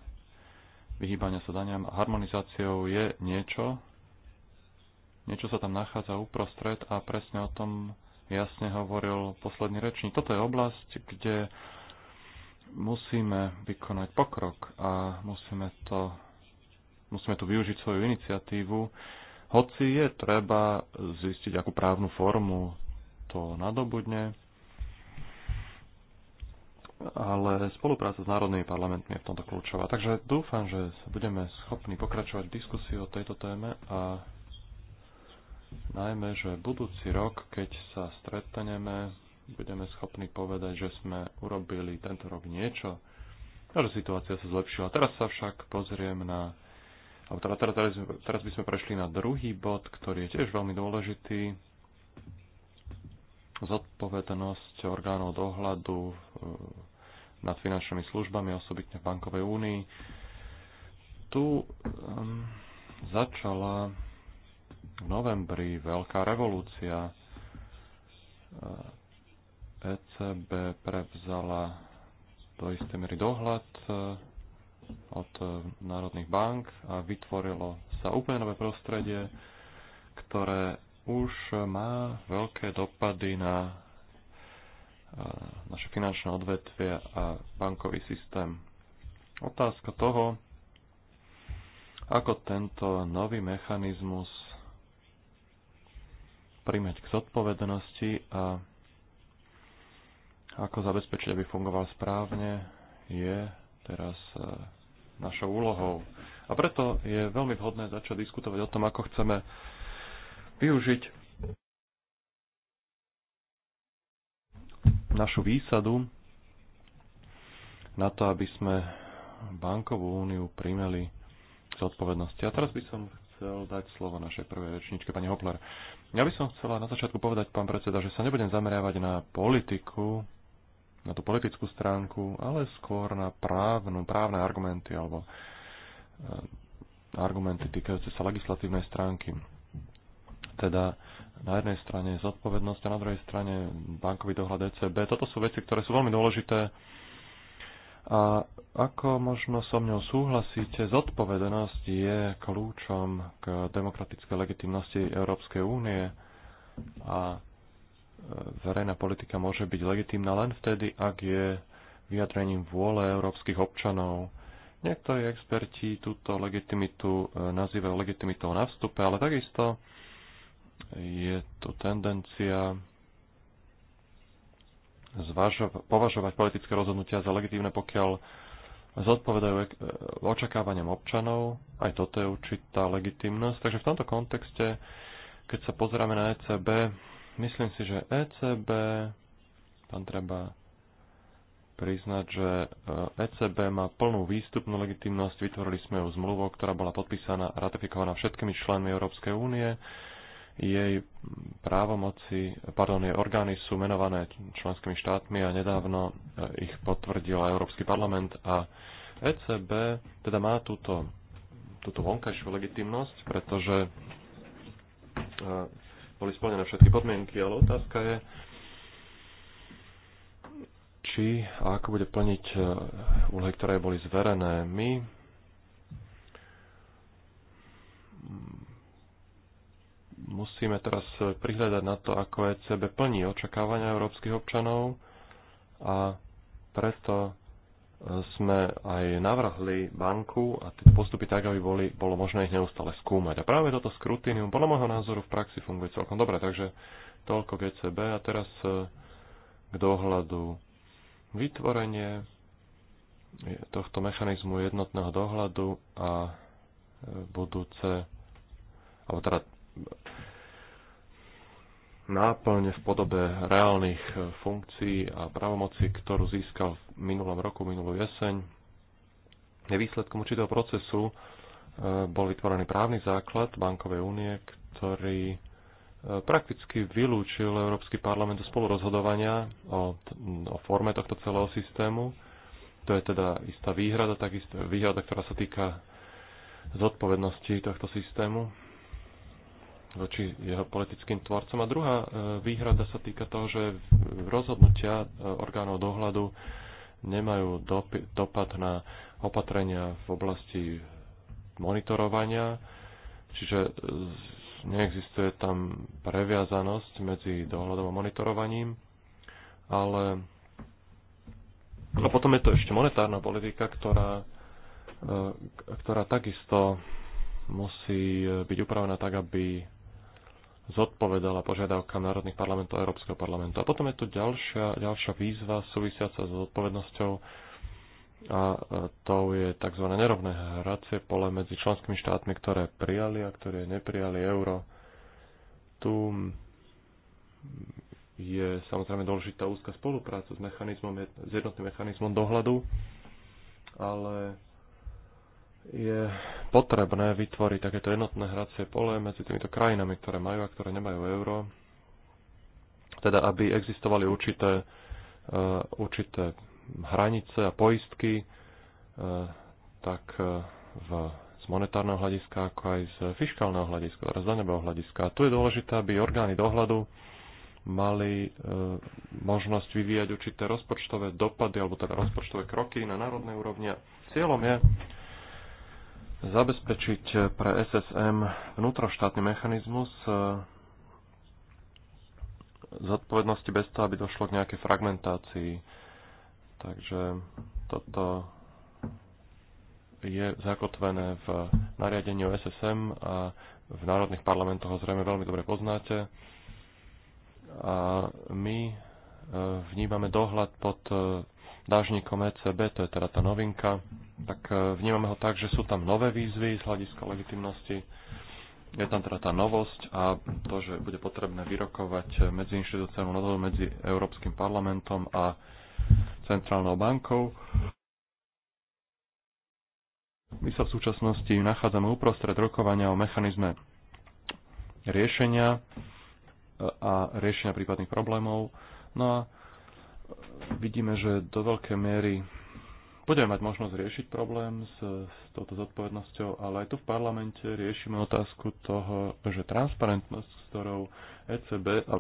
A: vyhýbania sa daniam a harmonizáciou je niečo, niečo sa tam nachádza uprostred a presne o tom jasne hovoril posledný rečník. Toto je oblasť, kde musíme vykonať pokrok a musíme, to, musíme tu využiť svoju iniciatívu, hoci je treba zistiť, akú právnu formu to nadobudne, ale spolupráca s národnými parlamentmi je v tomto kľúčová. Takže dúfam, že budeme schopní pokračovať v diskusii o tejto téme a najmä, že budúci rok, keď sa stretneme budeme schopní povedať, že sme urobili tento rok niečo, a že situácia sa zlepšila. Teraz sa však pozriem na, alebo teraz, teda, teraz, teraz by sme prešli na druhý bod, ktorý je tiež veľmi dôležitý, zodpovednosť orgánov dohľadu eh, nad finančnými službami, osobitne v Bankovej únii. Tu um, začala v novembri veľká revolúcia eh, ECB prevzala do istej miery dohľad e, od e, národných bank a vytvorilo sa úplne nové prostredie, ktoré už má veľké dopady na e, naše finančné odvetvie a bankový systém. Otázka toho, ako tento nový mechanizmus primeť k zodpovednosti a ako zabezpečiť, aby fungoval správne, je teraz e, našou úlohou. A preto je veľmi vhodné začať diskutovať o tom, ako chceme využiť našu výsadu na to, aby sme bankovú úniu primeli z zodpovednosti. A teraz by som chcel dať slovo našej prvej rečničke, pani Hopler. Ja by som chcela na začiatku povedať, pán predseda, že sa nebudem zameriavať na politiku na tú politickú stránku, ale skôr na právnu, právne argumenty alebo e, argumenty týkajúce sa legislatívnej stránky. Teda na jednej strane zodpovednosť a na druhej strane bankový dohľad ECB. Toto sú veci, ktoré sú veľmi dôležité. A ako možno so mňou súhlasíte, zodpovednosť je kľúčom k demokratickej legitimnosti Európskej únie a verejná politika môže byť legitímna len vtedy, ak je vyjadrením vôle európskych občanov. Niektorí experti túto legitimitu e, nazývajú legitimitou na vstupe, ale takisto je tu tendencia zvažov- považovať politické rozhodnutia za legitívne, pokiaľ zodpovedajú e, očakávaniam občanov. Aj toto je určitá legitimnosť. Takže v tomto kontexte, keď sa pozeráme na ECB, Myslím si, že ECB, tam treba priznať, že ECB e má plnú výstupnú legitimnosť. Vytvorili sme ju zmluvou, ktorá bola podpísaná a ratifikovaná všetkými členmi Európskej únie. Jej právomoci, pardon, jej orgány sú menované členskými štátmi a nedávno e, ich potvrdil Európsky parlament a ECB teda má túto, túto vonkajšiu legitimnosť, pretože e, boli splnené všetky podmienky, ale otázka je, či a ako bude plniť e, úlohy, ktoré boli zverené. My mm, musíme teraz prihľadať na to, ako ECB plní očakávania európskych občanov a preto sme aj navrhli banku a tie postupy tak, aby boli, bolo možné ich neustále skúmať. A práve toto skrutínium podľa môjho názoru v praxi funguje celkom dobre, takže toľko GCB a teraz e, k dohľadu. Vytvorenie tohto mechanizmu jednotného dohľadu a e, budúce, alebo teda náplň v podobe reálnych eh, funkcií a pravomoci, ktorú získal v minulom roku, minulú jeseň. Výsledkom určitého procesu eh, bol vytvorený právny základ Bankovej únie, ktorý eh, prakticky vylúčil Európsky parlament do spolurozhodovania o, o forme tohto celého systému. To je teda istá výhrada, takisto výhrada, ktorá sa týka zodpovednosti tohto systému voči jeho politickým tvorcom. A druhá e, výhrada sa týka toho, že rozhodnutia e, orgánov dohľadu nemajú dopad na opatrenia v oblasti monitorovania, čiže e, neexistuje tam previazanosť medzi dohľadom a monitorovaním, ale a potom je to ešte monetárna politika, ktorá, ktorá takisto musí byť upravená tak, aby zodpovedala požiadavkám národných parlamentov a Európskeho parlamentu. A potom je tu ďalšia, ďalšia výzva súvisiaca s zodpovednosťou a to je tzv. nerovné hracie pole medzi členskými štátmi, ktoré prijali a ktoré neprijali euro. Tu je samozrejme dôležitá úzka spolupráca s, mechanizmom, s jednotným mechanizmom dohľadu, ale je potrebné vytvoriť takéto jednotné hracie pole medzi týmito krajinami, ktoré majú a ktoré nemajú euro. Teda, aby existovali určité, eh, určité hranice a poistky, eh, tak eh, v, z monetárneho hľadiska, ako aj z fiskálneho hľadiska, teda z daňového hľadiska. A tu je dôležité, aby orgány dohľadu mali e, možnosť vyvíjať určité rozpočtové dopady alebo teda rozpočtové kroky na národnej úrovni. cieľom je zabezpečiť pre SSM vnútroštátny mechanizmus e, zodpovednosti bez toho, aby došlo k nejakej fragmentácii. Takže toto je zakotvené v nariadení o SSM a v národných parlamentoch ho zrejme veľmi dobre poznáte. A my e, vnímame dohľad pod e, dážnikom ECB, to je teda tá novinka, tak e, vnímame ho tak, že sú tam nové výzvy z hľadiska legitimnosti, je tam teda tá novosť a to, že bude potrebné vyrokovať medzi inštitúciálnou dohodu medzi Európskym parlamentom a Centrálnou bankou. My sa v súčasnosti nachádzame uprostred rokovania o mechanizme riešenia e, a riešenia prípadných problémov. No a vidíme, že do veľkej miery budeme mať možnosť riešiť problém s, s touto zodpovednosťou, ale aj tu v parlamente riešime otázku toho, že transparentnosť, s ktorou ECB a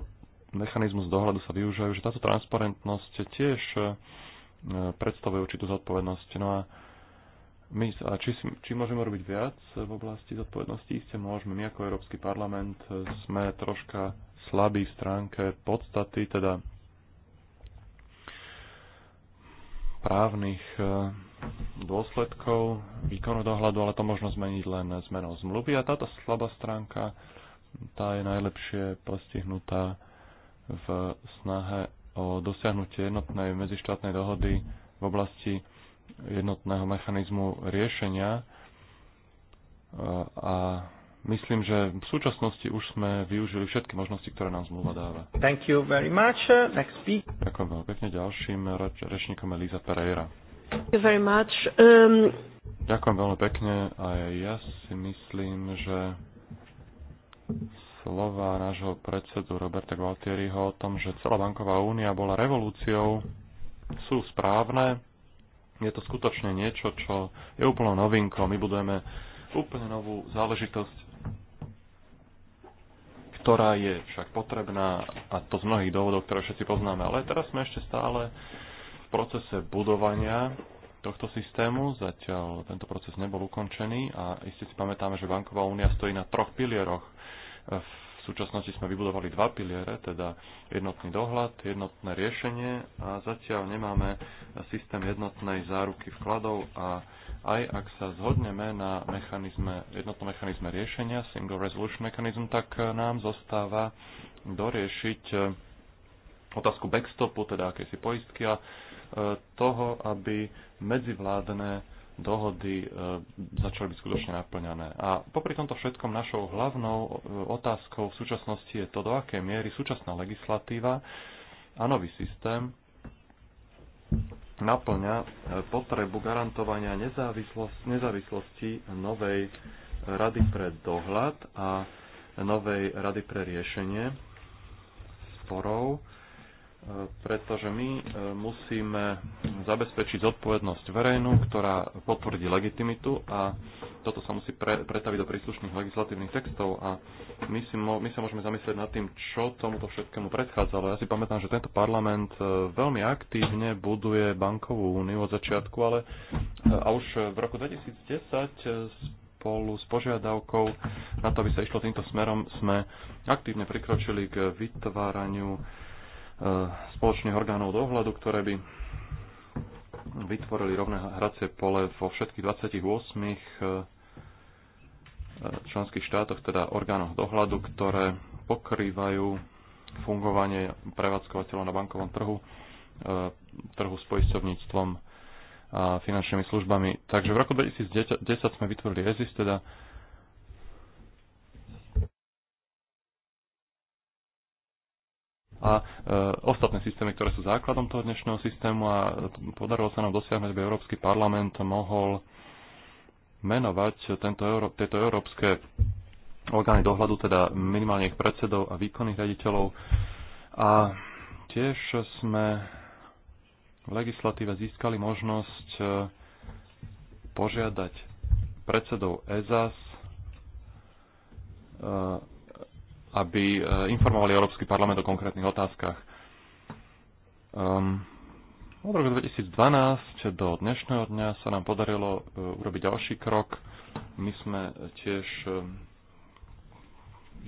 A: mechanizmus dohľadu sa využívajú, že táto transparentnosť tiež e, predstavuje určitú zodpovednosť. No a my, a či, či môžeme robiť viac v oblasti zodpovednosti? Isté môžeme. My ako Európsky parlament sme troška slabí v stránke podstaty, teda právnych e, dôsledkov výkonu dohľadu, ale to možno zmeniť len zmenou zmluvy. A táto slabá stránka, tá je najlepšie postihnutá v snahe o dosiahnutie jednotnej medzištátnej dohody v oblasti jednotného mechanizmu riešenia e, a myslím, že v súčasnosti už sme využili všetky možnosti, ktoré nám zmluva dáva.
C: Thank
B: you very much. Next speak.
A: Ďakujem veľmi pekne. Ďalším rečníkom je Lisa Pereira.
B: Thank you very much. Um...
A: Ďakujem veľmi pekne. A ja si myslím, že slova nášho predsedu Roberta Gualtieriho o tom, že celá banková únia bola revolúciou, sú správne. Je to skutočne niečo, čo je úplnou novinkou. My budujeme úplne novú záležitosť ktorá je však potrebná a to z mnohých dôvodov, ktoré všetci poznáme. Ale teraz sme ešte stále v procese budovania tohto systému. Zatiaľ tento proces nebol ukončený a iste si pamätáme, že Banková únia stojí na troch pilieroch. V súčasnosti sme vybudovali dva piliere, teda jednotný dohľad, jednotné riešenie a zatiaľ nemáme systém jednotnej záruky vkladov a aj ak sa zhodneme na mechanizme, jednotnom mechanizme riešenia, Single Resolution Mechanism, tak eh, nám zostáva doriešiť eh, otázku backstopu, teda akési poistky a eh, toho, aby medzivládne dohody začali byť skutočne naplňané. A popri tomto všetkom našou hlavnou otázkou v súčasnosti je to, do akej miery súčasná legislatíva a nový systém naplňa e, potrebu garantovania nezávislosti novej rady pre dohľad a novej rady pre riešenie sporov pretože my e, musíme zabezpečiť zodpovednosť verejnú, ktorá potvrdí legitimitu a toto sa musí pre, pretaviť do príslušných legislatívnych textov a my, si my sa môžeme zamyslieť nad tým, čo tomuto všetkému predchádzalo. Ja si pamätám, že tento parlament e, veľmi aktívne buduje bankovú úniu od začiatku, ale e, a už v roku 2010 spolu s požiadavkou na to, aby sa išlo týmto smerom, sme aktívne prikročili k vytváraniu spoločných orgánov dohľadu, ktoré by vytvorili rovné hracie pole vo všetkých 28 eh, členských štátoch, teda orgánoch dohľadu, ktoré pokrývajú fungovanie prevádzkovateľov na bankovom trhu, eh, trhu s poisťovníctvom a finančnými službami. Takže v roku 2010 sme vytvorili EZIS, teda a e, ostatné systémy, ktoré sú základom toho dnešného systému a podarilo sa nám dosiahnuť, aby Európsky parlament mohol menovať tento Euró- tieto európske orgány dohľadu, teda minimálne ich predsedov a výkonných riaditeľov. A tiež sme v legislatíve získali možnosť e, požiadať predsedov EZAS e, aby e, informovali Európsky parlament o konkrétnych otázkach. Um, od roku 2012 do dnešného dňa sa nám podarilo e, urobiť ďalší krok. My sme tiež e,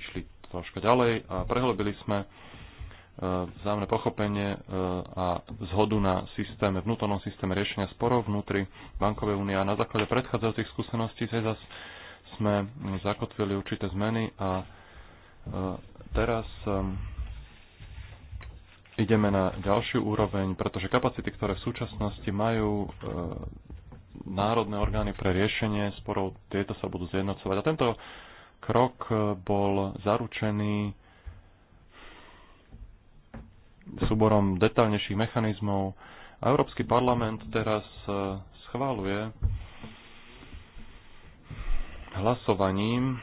A: išli troška ďalej a prehlbili sme vzájomné pochopenie a zhodu na systéme, vnútornom systéme riešenia sporov vnútri bankovej únie a na základe predchádzajúcich skúseností sme zakotvili určité zmeny a Teraz ehm, ideme na ďalšiu úroveň, pretože kapacity, ktoré v súčasnosti majú ehm, národné orgány pre riešenie sporov, tieto sa budú zjednocovať. A tento krok e, bol zaručený súborom detaľnejších mechanizmov a Európsky parlament teraz e, schváluje hlasovaním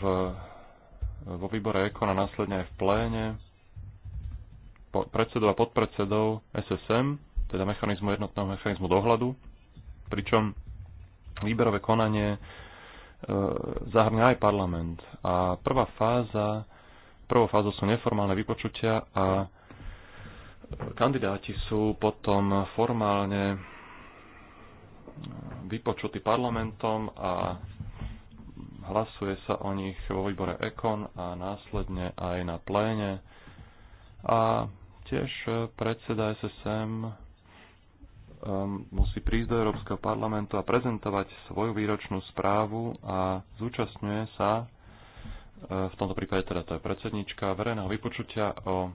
A: v vo výbore a následne aj v pléne predsedov a podpredsedov SSM, teda mechanizmu jednotného mechanizmu dohľadu, pričom výberové konanie e, zahrňa aj parlament. A prvá fáza, prvou fázou sú neformálne vypočutia a e, kandidáti sú potom formálne e, vypočutí parlamentom a hlasuje sa o nich vo výbore EKON a následne aj na pléne. A tiež e, predseda SSM e, musí prísť do Európskeho parlamentu a prezentovať svoju výročnú správu a zúčastňuje sa, e, v tomto prípade teda to je predsednička, verejného vypočutia o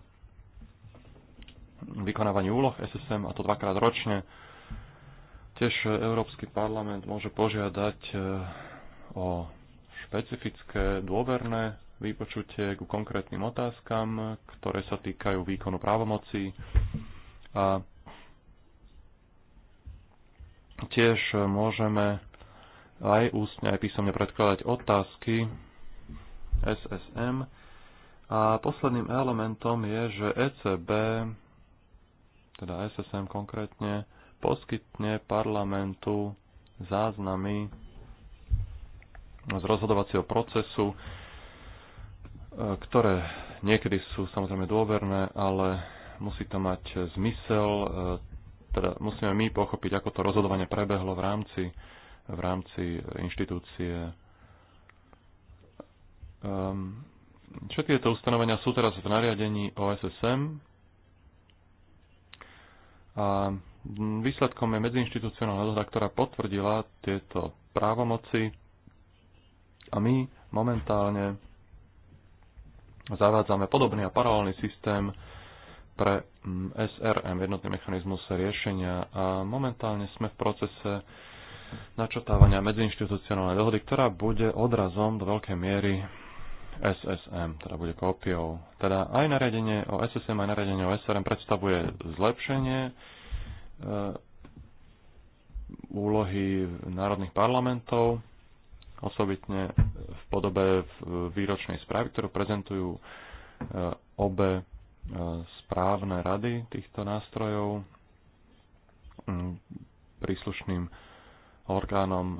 A: vykonávaní úloh SSM a to dvakrát ročne. Tiež Európsky parlament môže požiadať o špecifické, dôverné výpočutie ku konkrétnym otázkam, ktoré sa týkajú výkonu právomocí. A tiež môžeme aj ústne, aj písomne predkladať otázky SSM. A posledným elementom je, že ECB, teda SSM konkrétne, poskytne parlamentu záznamy z rozhodovacieho procesu, e, ktoré niekedy sú samozrejme dôverné, ale musí to mať zmysel, e, teda musíme my pochopiť, ako to rozhodovanie prebehlo v rámci, v rámci inštitúcie. Ehm, všetky tieto ustanovenia sú teraz v nariadení OSSM a výsledkom je medziinstitucionálna dohoda, ktorá potvrdila tieto právomoci a my momentálne zavádzame podobný a paralelný systém pre SRM, mm, jednotný mechanizmus riešenia. A momentálne sme v procese načotávania medziinstitucionálnej dohody, ktorá bude odrazom do veľkej miery SSM, teda bude kópiou. Teda aj nariadenie o SSM, aj nariadenie o SRM predstavuje zlepšenie e, úlohy národných parlamentov osobitne v podobe výročnej správy, ktorú prezentujú e, obe e, správne rady týchto nástrojov príslušným orgánom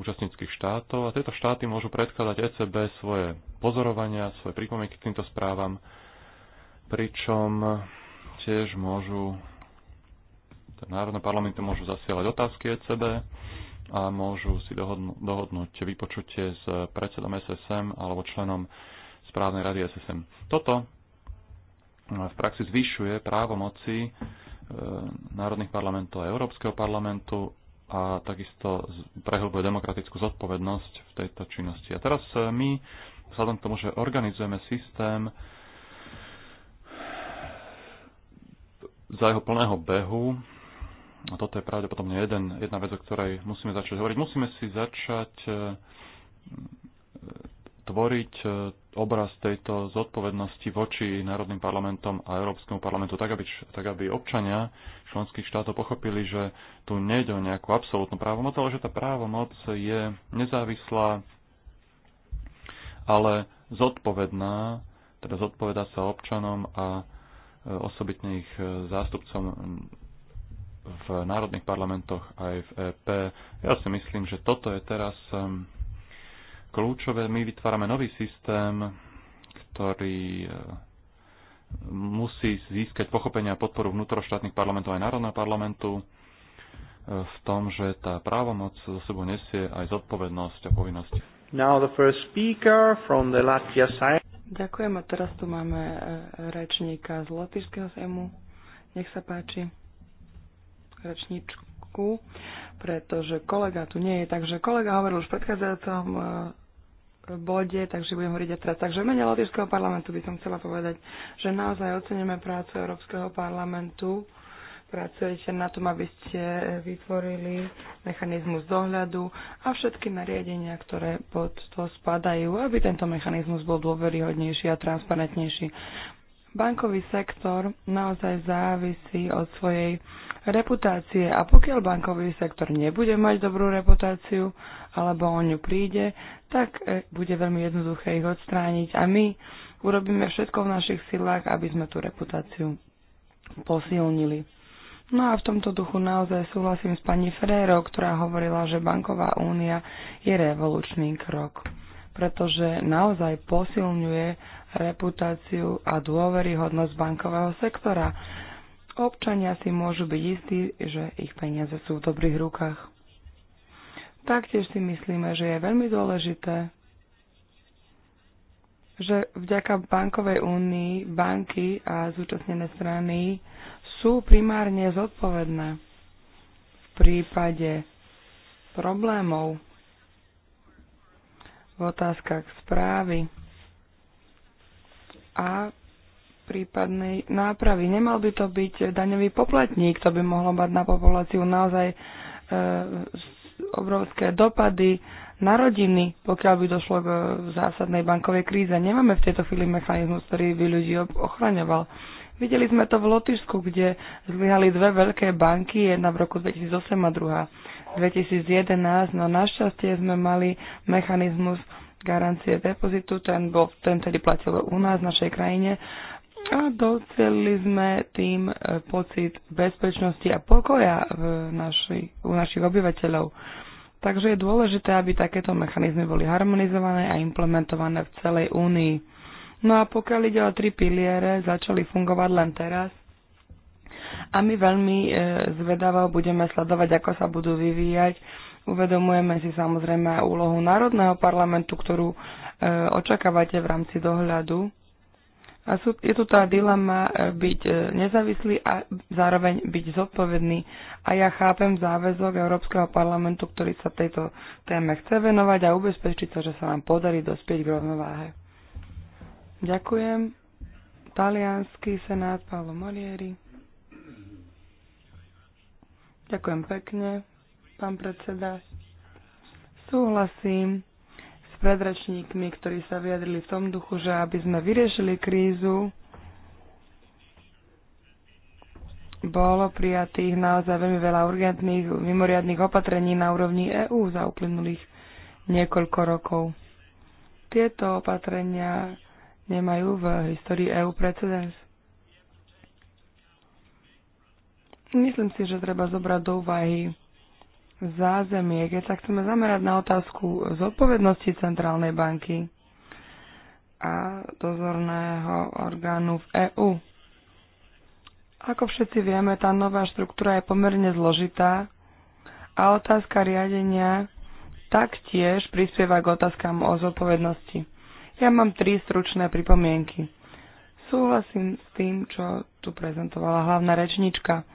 A: účastníckých štátov. A tieto štáty môžu predkladať ECB svoje pozorovania, svoje pripomienky k týmto správam, pričom tiež môžu národné parlamenty môžu zasielať otázky ECB a môžu si dohodnú, dohodnúť vypočutie s predsedom SSM alebo členom správnej rady SSM. Toto e, v praxi zvyšuje právo e, národných parlamentov a Európskeho parlamentu a takisto prehlbuje demokratickú zodpovednosť v tejto činnosti. A teraz e, my, vzhľadom k tomu, že organizujeme systém za jeho plného behu, a toto je pravdepodobne jeden, jedna vec, o ktorej musíme začať hovoriť. Musíme si začať e, e, tvoriť e, obraz tejto zodpovednosti voči národným parlamentom a Európskemu parlamentu, tak aby, tak aby občania členských štátov pochopili, že tu nejde o nejakú absolútnu právomoc, ale že tá právomoc je nezávislá, ale zodpovedná, teda zodpoveda sa občanom a osobitne ich zástupcom v národných parlamentoch aj v EP. Ja si myslím, že toto je teraz um, kľúčové. My vytvárame nový systém, ktorý uh, musí získať pochopenie a podporu vnútroštátnych parlamentov aj národného parlamentu uh, v tom, že tá právomoc za sebou nesie aj zodpovednosť a povinnosť.
C: Now the first speaker from the Latvia side.
B: Ďakujem a teraz tu máme uh, rečníka z Lotyšského sejmu. Nech sa páči rečničku, pretože kolega tu nie je. Takže kolega hovoril už v predchádzajúcom e, bode, takže budem hovoriť aj teraz. Takže v mene Lotyšského parlamentu by som chcela povedať, že naozaj oceníme prácu Európskeho parlamentu. Pracujete na tom, aby ste vytvorili mechanizmus dohľadu a všetky nariadenia, ktoré pod to spadajú, aby tento mechanizmus bol dôveryhodnejší a transparentnejší. Bankový sektor naozaj závisí od svojej reputácie a pokiaľ bankový sektor nebude mať dobrú reputáciu alebo o ňu príde, tak e, bude veľmi jednoduché ich odstrániť a my urobíme všetko v našich silách, aby sme tú reputáciu posilnili. No a v tomto duchu naozaj súhlasím s pani Ferrero, ktorá hovorila, že banková únia je revolučný krok, pretože naozaj posilňuje reputáciu a dôveryhodnosť bankového sektora. Občania si môžu byť istí, že ich peniaze sú v dobrých rukách. Taktiež si myslíme, že je veľmi dôležité, že vďaka bankovej únii banky a zúčastnené strany sú primárne zodpovedné v prípade problémov v otázkach správy a prípadnej nápravy. Nemal by to byť daňový poplatník, to by mohlo mať na populáciu naozaj e, obrovské dopady na rodiny, pokiaľ by došlo k e, zásadnej bankovej kríze. Nemáme v tejto chvíli mechanizmus, ktorý by ľudí ochraňoval. Videli sme to v Lotyšsku, kde zlyhali dve veľké banky, jedna v roku 2008 a druhá 2011, no našťastie sme mali mechanizmus garancie depozitu, ten, bol, ten tedy platil u nás, v našej krajine a docelili sme tým e, pocit bezpečnosti a pokoja v naši, u našich obyvateľov. Takže je dôležité, aby takéto mechanizmy boli harmonizované a implementované v celej únii. No a pokiaľ ide o tri piliere, začali fungovať len teraz. A my veľmi e, zvedavo budeme sledovať, ako sa budú vyvíjať Uvedomujeme si samozrejme aj úlohu Národného parlamentu, ktorú e, očakávate v rámci dohľadu. A sú, je tu tá dilema e, byť e, nezávislý a zároveň byť zodpovedný. A ja chápem záväzok Európskeho parlamentu, ktorý sa tejto téme chce venovať a ubezpečiť sa, že sa nám podarí dospieť k rovnováhe. Ďakujem. Talianský senát Paolo Molieri. Ďakujem pekne pán predseda. Súhlasím s predračníkmi, ktorí sa vyjadrili v tom duchu, že aby sme vyriešili krízu, bolo prijatých naozaj veľmi veľa urgentných, mimoriadných opatrení na úrovni EÚ za uplynulých niekoľko rokov. Tieto opatrenia nemajú v histórii EÚ precedens. Myslím si, že treba zobrať do úvahy zázemie, keď sa chceme zamerať na otázku zodpovednosti centrálnej banky a dozorného orgánu v EÚ. Ako všetci vieme, tá nová štruktúra je pomerne zložitá a otázka riadenia taktiež prispieva k otázkam o zodpovednosti. Ja mám tri stručné pripomienky. Súhlasím s tým, čo tu prezentovala hlavná rečnička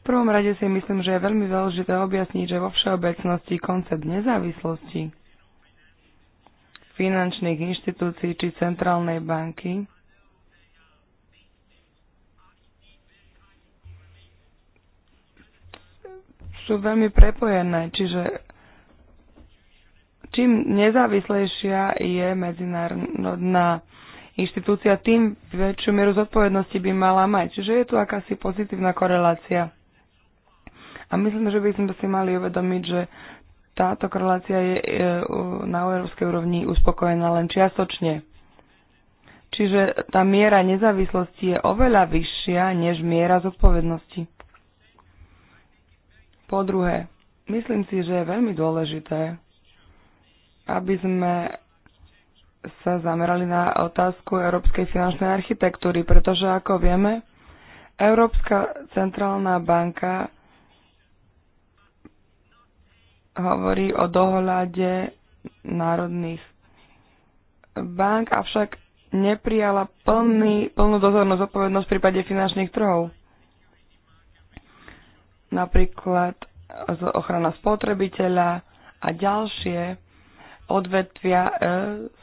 B: v prvom rade si myslím, že je veľmi dôležité objasniť, že vo všeobecnosti koncept nezávislosti finančných inštitúcií či centrálnej banky sú veľmi prepojené, čiže čím nezávislejšia je medzinárodná inštitúcia, tým väčšiu mieru zodpovednosti by mala mať. Čiže je tu akási pozitívna korelácia. A myslím, že by sme si mali uvedomiť, že táto korelácia je e, na európskej úrovni uspokojená len čiastočne. Čiže tá miera nezávislosti je oveľa vyššia než miera zodpovednosti. Po druhé, myslím si, že je veľmi dôležité, aby sme sa zamerali na otázku európskej finančnej architektúry, pretože ako vieme, Európska centrálna banka hovorí o dohľade národných bank, avšak neprijala plný, plnú dozornú zodpovednosť v prípade finančných trhov. Napríklad ochrana spotrebiteľa a ďalšie odvetvia e,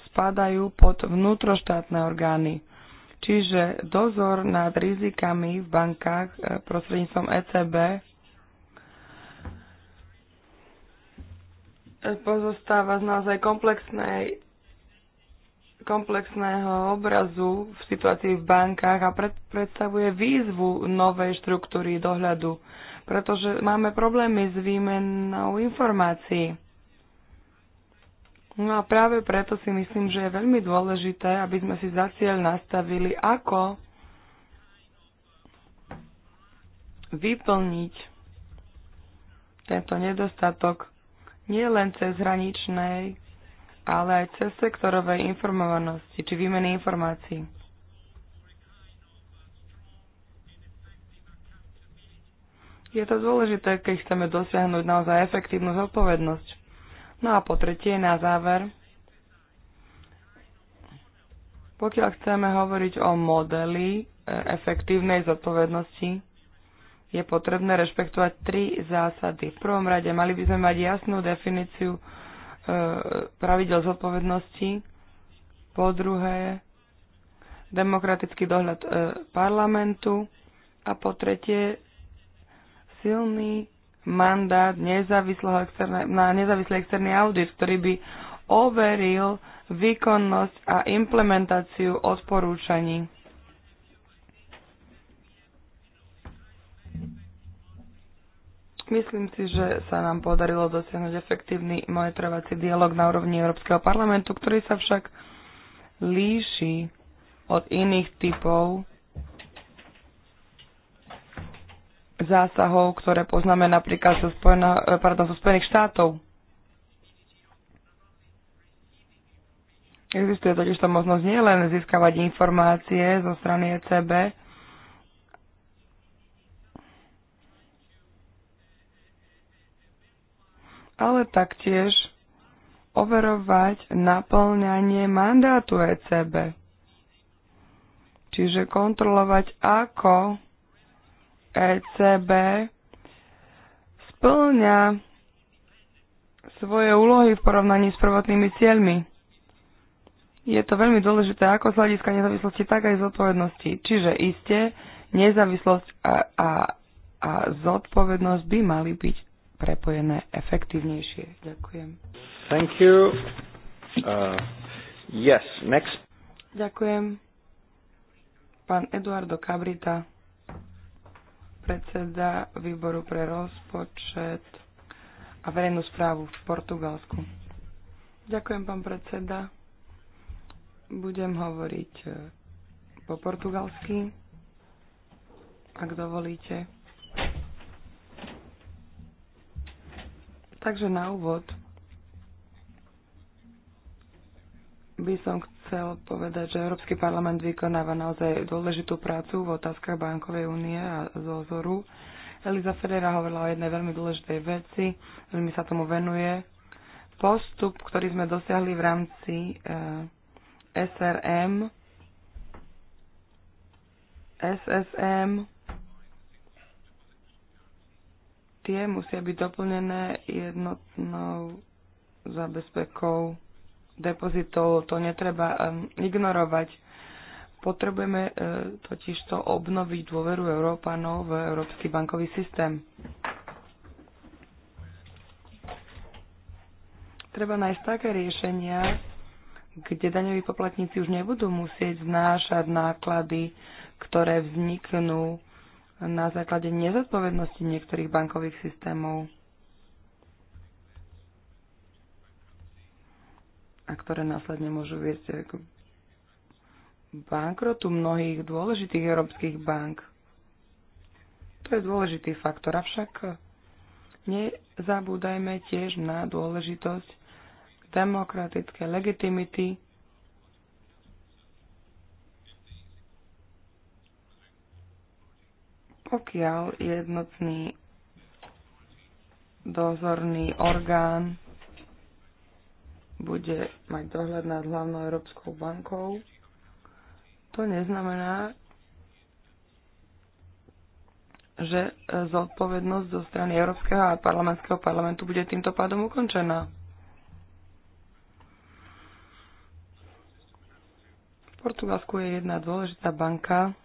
B: spadajú pod vnútroštátne orgány. Čiže dozor nad rizikami v bankách e, prostredníctvom ECB pozostáva z naozaj komplexnej, komplexného obrazu v situácii v bankách a pred, predstavuje výzvu novej štruktúry dohľadu, pretože máme problémy s výmenou informácií. No a práve preto si myslím, že je veľmi dôležité, aby sme si za cieľ nastavili, ako vyplniť tento nedostatok nie len cez hraničnej, ale aj cez sektorovej informovanosti či výmeny informácií. Je to dôležité, keď chceme dosiahnuť naozaj efektívnu zodpovednosť. No a po tretie, na záver, pokiaľ chceme hovoriť o modeli e, efektívnej zodpovednosti, je potrebné rešpektovať tri zásady. V prvom rade mali by sme mať jasnú definíciu e, pravidel zodpovednosti. Po druhé, demokratický dohľad e, parlamentu. A po tretie, silný mandát na nezávislý externý audit, ktorý by overil výkonnosť a implementáciu odporúčaní. Myslím si, že sa nám podarilo dosiahnuť efektívny monitorovací dialog na úrovni Európskeho parlamentu, ktorý sa však líši od iných typov zásahov, ktoré poznáme napríklad zo, Spojená, eh, pardon, zo Spojených štátov. Existuje totiž to možnosť nielen získavať informácie zo strany ECB, ale taktiež overovať naplňanie mandátu ECB. Čiže kontrolovať, ako ECB splňa svoje úlohy v porovnaní s prvotnými cieľmi. Je to veľmi dôležité ako z hľadiska nezávislosti, tak aj zodpovednosti. Čiže isté nezávislosť a, a, a zodpovednosť by mali byť prepojené efektívnejšie. Ďakujem. Thank you. Uh, yes, next. Ďakujem. Pán Eduardo Cabrita, predseda výboru pre rozpočet a verejnú správu v Portugalsku. Ďakujem, pán predseda. Budem hovoriť po portugalsky, ak dovolíte. Takže na úvod by som chcel povedať, že Európsky parlament vykonáva naozaj dôležitú prácu v otázkach bankovej únie a zozoru. Eliza Ferreira hovorila o jednej veľmi dôležitej veci, veľmi sa tomu venuje. Postup, ktorý sme dosiahli v rámci eh, SRM, SSM, tie musia byť doplnené jednotnou zabezpekou depozitov. To netreba um, ignorovať. Potrebujeme uh, totiž to obnoviť dôveru Európanov v európsky bankový systém. Treba nájsť také riešenia, kde daňoví poplatníci už nebudú musieť znášať náklady, ktoré vzniknú na základe nezodpovednosti niektorých bankových systémov a ktoré následne môžu viesť k bankrotu mnohých dôležitých európskych bank. To je dôležitý faktor, avšak nezabúdajme tiež na dôležitosť demokratické legitimity Pokiaľ jednotný dozorný orgán bude mať dohľad nad hlavnou Európskou bankou, to neznamená, že zodpovednosť zo strany Európskeho a parlamentského parlamentu bude týmto pádom ukončená. V Portugalsku je jedna dôležitá banka,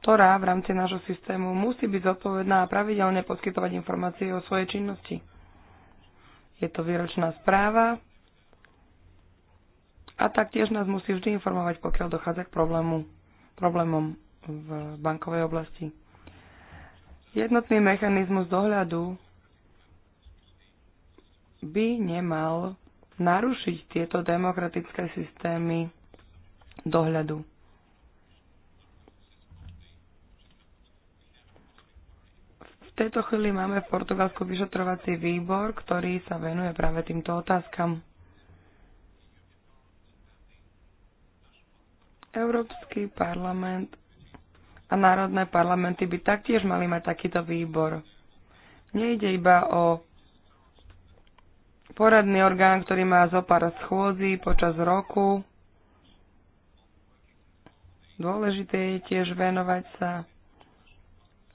B: ktorá v rámci nášho systému musí byť zodpovedná a pravidelne poskytovať informácie o svojej činnosti. Je to výročná správa a taktiež nás musí vždy informovať, pokiaľ dochádza k problému, problémom v bankovej oblasti. Jednotný mechanizmus dohľadu by nemal narušiť tieto demokratické systémy dohľadu. tejto chvíli máme v Portugalsku vyšetrovací výbor, ktorý sa venuje práve týmto otázkam. Európsky parlament a národné parlamenty by taktiež mali mať takýto výbor. Nejde iba o poradný orgán, ktorý má zo pár schôdzí počas roku. Dôležité je tiež venovať sa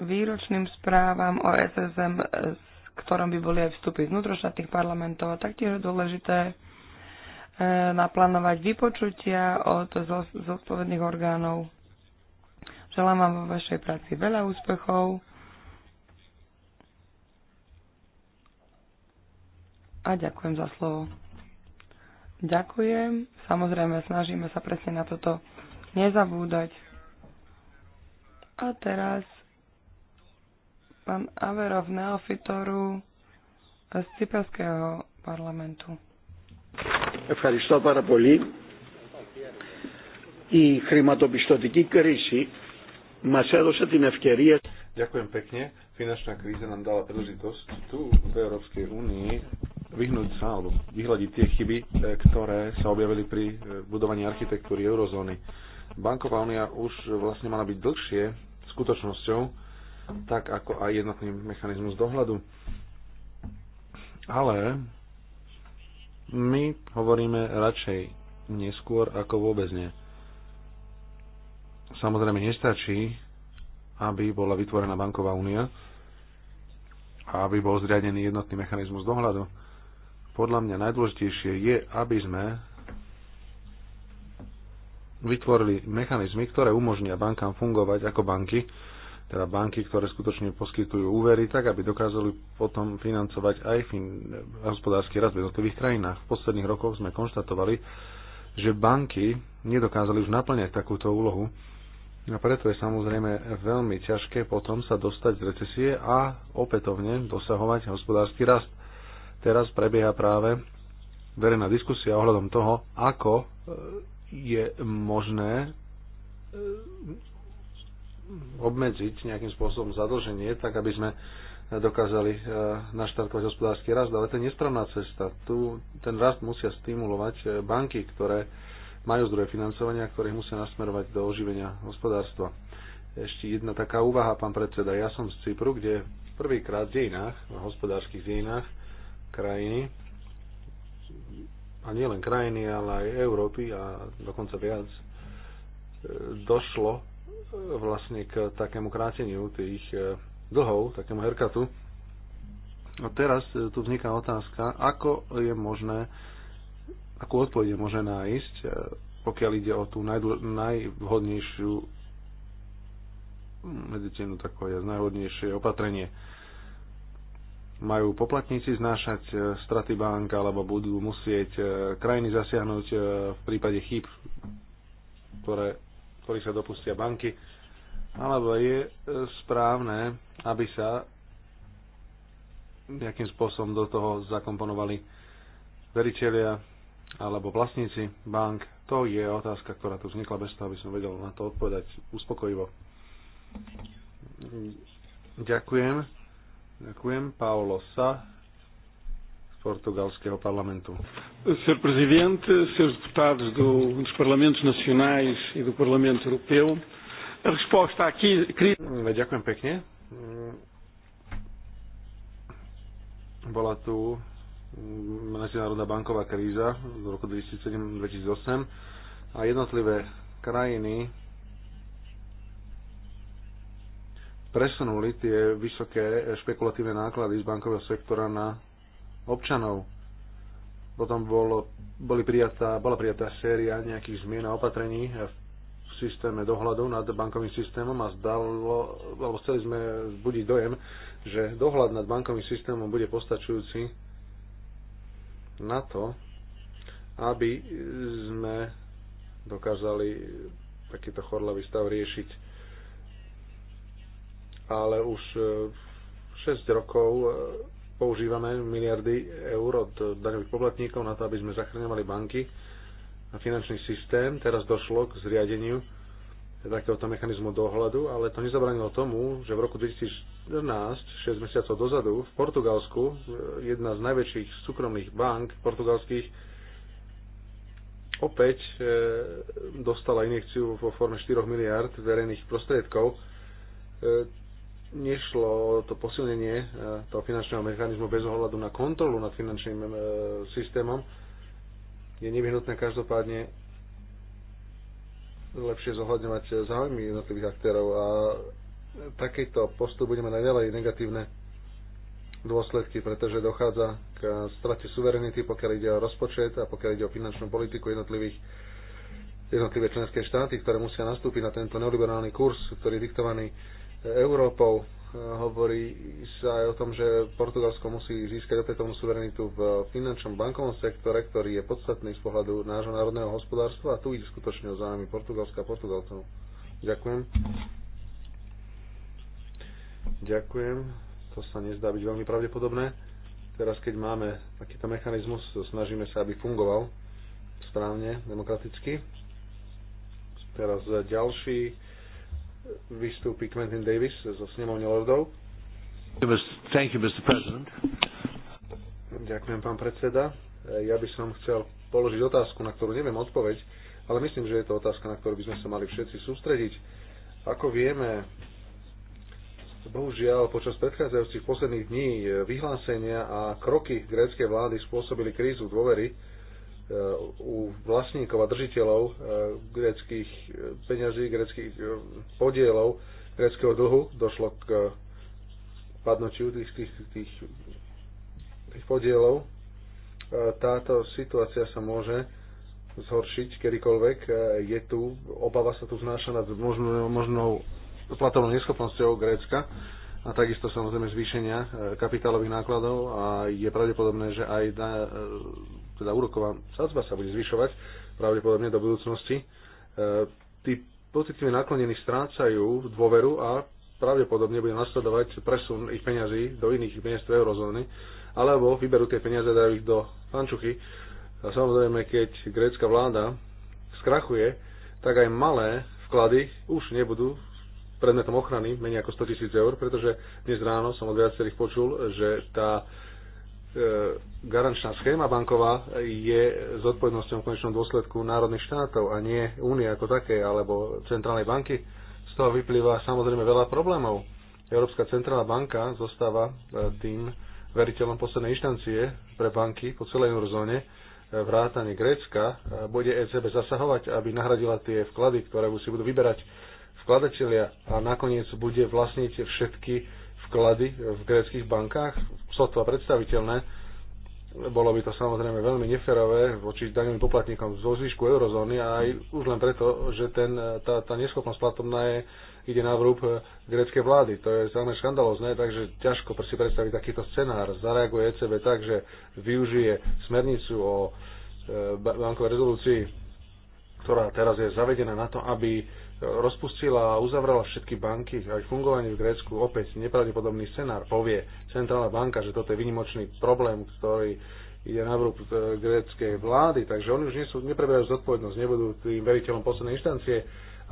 B: výročným správam o SSM, s ktorom by boli aj vstupy z vnútroštátnych parlamentov a taktiež je dôležité e, naplánovať vypočutia od zodpovedných orgánov. Želám vám vo vašej práci veľa úspechov a ďakujem za slovo. Ďakujem. Samozrejme, snažíme sa presne na toto nezabúdať. A teraz pán Averov Neofitoru z Cyperského parlamentu. Ευχαριστώ πάρα πολύ. Η χρηματοπιστωτική κρίση μας έδωσε την ευκαιρία...
C: Ďakujem pekne. Finančná kríza nám dala príležitosť tu v Európskej únii vyhnúť sa alebo vyhľadiť tie chyby, e, ktoré sa objavili pri e, budovaní architektúry eurozóny. Banková únia už vlastne mala byť dlhšie skutočnosťou, tak ako aj jednotný mechanizmus dohľadu. Ale my hovoríme radšej neskôr ako vôbec nie. Samozrejme nestačí, aby bola vytvorená banková únia a aby bol zriadený jednotný mechanizmus dohľadu. Podľa mňa najdôležitejšie je, aby sme vytvorili mechanizmy, ktoré umožnia bankám fungovať ako banky, teda banky, ktoré skutočne poskytujú úvery, tak aby dokázali potom financovať aj fin- hospodársky rast v jednotlivých krajinách. V posledných rokoch sme konštatovali, že banky nedokázali už naplňať takúto úlohu a preto je samozrejme veľmi ťažké potom sa dostať z recesie a opätovne dosahovať hospodársky rast. Teraz prebieha práve verejná diskusia ohľadom toho, ako e, je možné e, obmedziť nejakým spôsobom zadlženie, tak aby sme dokázali e, naštartovať hospodársky rast, ale to je nesprávna cesta. Tu ten rast musia stimulovať e, banky, ktoré majú zdroje financovania, ktoré musia nasmerovať do oživenia hospodárstva. Ešte jedna taká úvaha, pán predseda. Ja som z Cypru, kde prvýkrát v dejinách, v hospodárskych dejinách krajiny, a nie len krajiny, ale aj Európy a dokonca viac, e, došlo vlastne k takému kráteniu tých e, dlhov, takému herkatu. A teraz e, tu vzniká otázka, ako je možné, akú odpoveď je možné nájsť, e, pokiaľ ide o tú najvhodnejšiu hm, medicínu, takové najvhodnejšie opatrenie. Majú poplatníci znášať straty bank, alebo budú musieť krajiny zasiahnuť v prípade chýb, ktoré ktorý sa dopustia banky, alebo je e, správne, aby sa nejakým spôsobom do toho zakomponovali veriteľia alebo vlastníci bank. To je otázka, ktorá tu vznikla bez toho, aby som vedel na to odpovedať uspokojivo. Ďakujem. Ďakujem. Paolo Sa portugalského parlamentu. Sr. Presidente, sr. Deputados do, dos Parlamentos Nacionais e do Parlamento Europeu, a resposta aqui... Mm, ďakujem pekne. Mm, bola tu mm, medzinárodná banková kríza z roku 2007-2008 a jednotlivé krajiny presunuli tie vysoké špekulatívne náklady z bankového sektora na občanov. Potom bolo, boli prijatá, bola prijatá séria nejakých zmien a opatrení v systéme dohľadu nad bankovým systémom a zdalo, alebo chceli sme zbudiť dojem, že dohľad nad bankovým systémom bude postačujúci na to, aby sme dokázali takýto chorlavý stav riešiť. Ale už 6 eh, rokov eh, používame miliardy eur od daňových poplatníkov na to, aby sme zachraňovali banky a finančný systém. Teraz došlo k zriadeniu takéhoto mechanizmu dohľadu, ale to nezabranilo tomu, že v roku 2014, 6 mesiacov dozadu, v Portugalsku jedna z najväčších súkromných bank portugalských opäť e, dostala injekciu vo forme 4 miliard verejných prostriedkov. E, nešlo to posilnenie e, toho finančného mechanizmu bez ohľadu na kontrolu nad finančným e, systémom, je nevyhnutné každopádne lepšie zohľadňovať záujmy jednotlivých aktérov a takýto postup budeme naďalej negatívne dôsledky, pretože dochádza k strate suverenity, pokiaľ ide o rozpočet a pokiaľ ide o finančnú politiku jednotlivých jednotlivé členské štáty, ktoré musia nastúpiť na tento neoliberálny kurz, ktorý je diktovaný Európou. Eh, hovorí sa aj o tom, že Portugalsko musí získať opätovnú suverenitu v finančnom bankovom sektore, ktorý je podstatný z pohľadu nášho národného hospodárstva a tu ide skutočne o zájmy Portugalska a Portugalcov. Ďakujem. Ďakujem. To sa nezdá byť veľmi pravdepodobné. Teraz, keď máme takýto mechanizmus, snažíme sa, aby fungoval správne, demokraticky. Teraz ďalší vystúpi Quentin Davis zo snemovne Lordov. Thank you, Mr. President. Ďakujem, pán predseda. Ja by som chcel položiť otázku, na ktorú neviem odpoveď, ale myslím, že je to otázka, na ktorú by sme sa mali všetci sústrediť. Ako vieme, bohužiaľ počas predchádzajúcich posledných dní vyhlásenia a kroky gréckej vlády spôsobili krízu dôvery E, u vlastníkov a držiteľov e, greckých e, peňazí, greckých podielov, greckého dlhu došlo k padnutiu tých, tých, tých, tých podielov. Táto situácia sa môže zhoršiť kedykoľvek. Je tu, obava sa tu znáša nad možnou, možnou platovnou neschopnosťou Grécka a takisto samozrejme zvýšenia kapitálových nákladov a je pravdepodobné, že aj teda úroková sadzba sa bude zvyšovať pravdepodobne do budúcnosti, e, tí pozitívne naklonení strácajú dôveru a pravdepodobne bude nasledovať presun ich peňazí do iných miest eurozóny, alebo vyberú tie peniaze a dajú ich do pančuchy. A samozrejme, keď grécka vláda skrachuje, tak aj malé vklady už nebudú predmetom ochrany menej ako 100 tisíc eur, pretože dnes ráno som od viacerých počul, že tá E, garančná schéma banková je zodpovednosťou v konečnom dôsledku národných štátov a nie únie ako také alebo centrálnej banky. Z toho vyplýva samozrejme veľa problémov. Európska centrálna banka zostáva e, tým veriteľom poslednej inštancie pre banky po celej eurozóne. E, vrátane Grécka bude ECB zasahovať, aby nahradila tie vklady, ktoré si budú vyberať vkladatelia a nakoniec bude vlastniť všetky vklady v gréckých bankách. Sotva predstaviteľné. Bolo by to samozrejme veľmi neferové voči daňovým poplatníkom zo zvyšku eurozóny a aj už len preto, že ten, tá, tá neschopnosť platobná je, ide na vrúb gréckej vlády. To je samé škandalozné, takže ťažko si predstaviť takýto scenár. Zareaguje ECB tak, že využije smernicu o e, bankovej rezolúcii, ktorá teraz je zavedená na to, aby rozpustila a uzavrela všetky banky, aj fungovanie v Grécku, opäť nepravdepodobný scenár, povie Centrálna banka, že toto je vynimočný problém, ktorý ide na vrúb e, gréckej vlády, takže oni už nie sú, nepreberajú zodpovednosť, nebudú tým veriteľom poslednej inštancie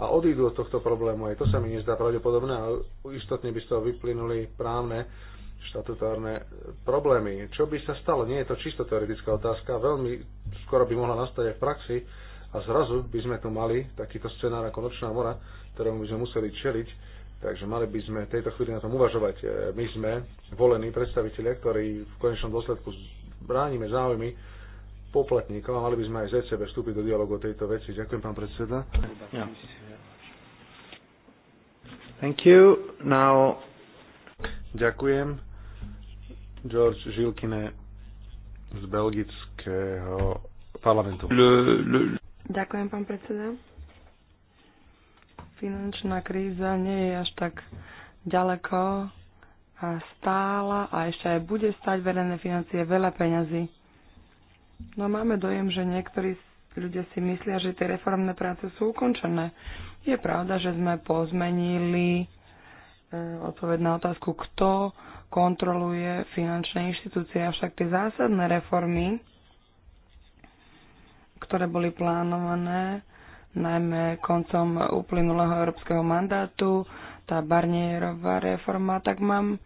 C: a odídu od tohto problému. Aj to sa mi nezdá pravdepodobné ale istotne by z toho vyplynuli právne štatutárne problémy. Čo by sa stalo? Nie je to čisto teoretická otázka, veľmi skoro by mohla nastať aj v praxi, a zrazu by sme tu mali takýto scenár ako Nočná mora, ktorému by sme museli čeliť, takže mali by sme tejto chvíli na tom uvažovať. E, my sme volení predstavitelia, ktorí v konečnom dôsledku bránime záujmy poplatníkov a mali by sme aj z ECB vstúpiť do dialogu o tejto veci. Ďakujem, pán predseda. Thank you. Now... Ďakujem. George Žilkine z belgického parlamentu. Le, le...
B: Ďakujem, pán predseda. Finančná kríza nie je až tak ďaleko a stála a ešte aj bude stať verejné financie veľa peňazí. No máme dojem, že niektorí ľudia si myslia, že tie reformné práce sú ukončené. Je pravda, že sme pozmenili e, odpoveď na otázku, kto kontroluje finančné inštitúcie, avšak tie zásadné reformy, ktoré boli plánované, najmä koncom uplynulého európskeho mandátu, tá Barnierová reforma, tak mám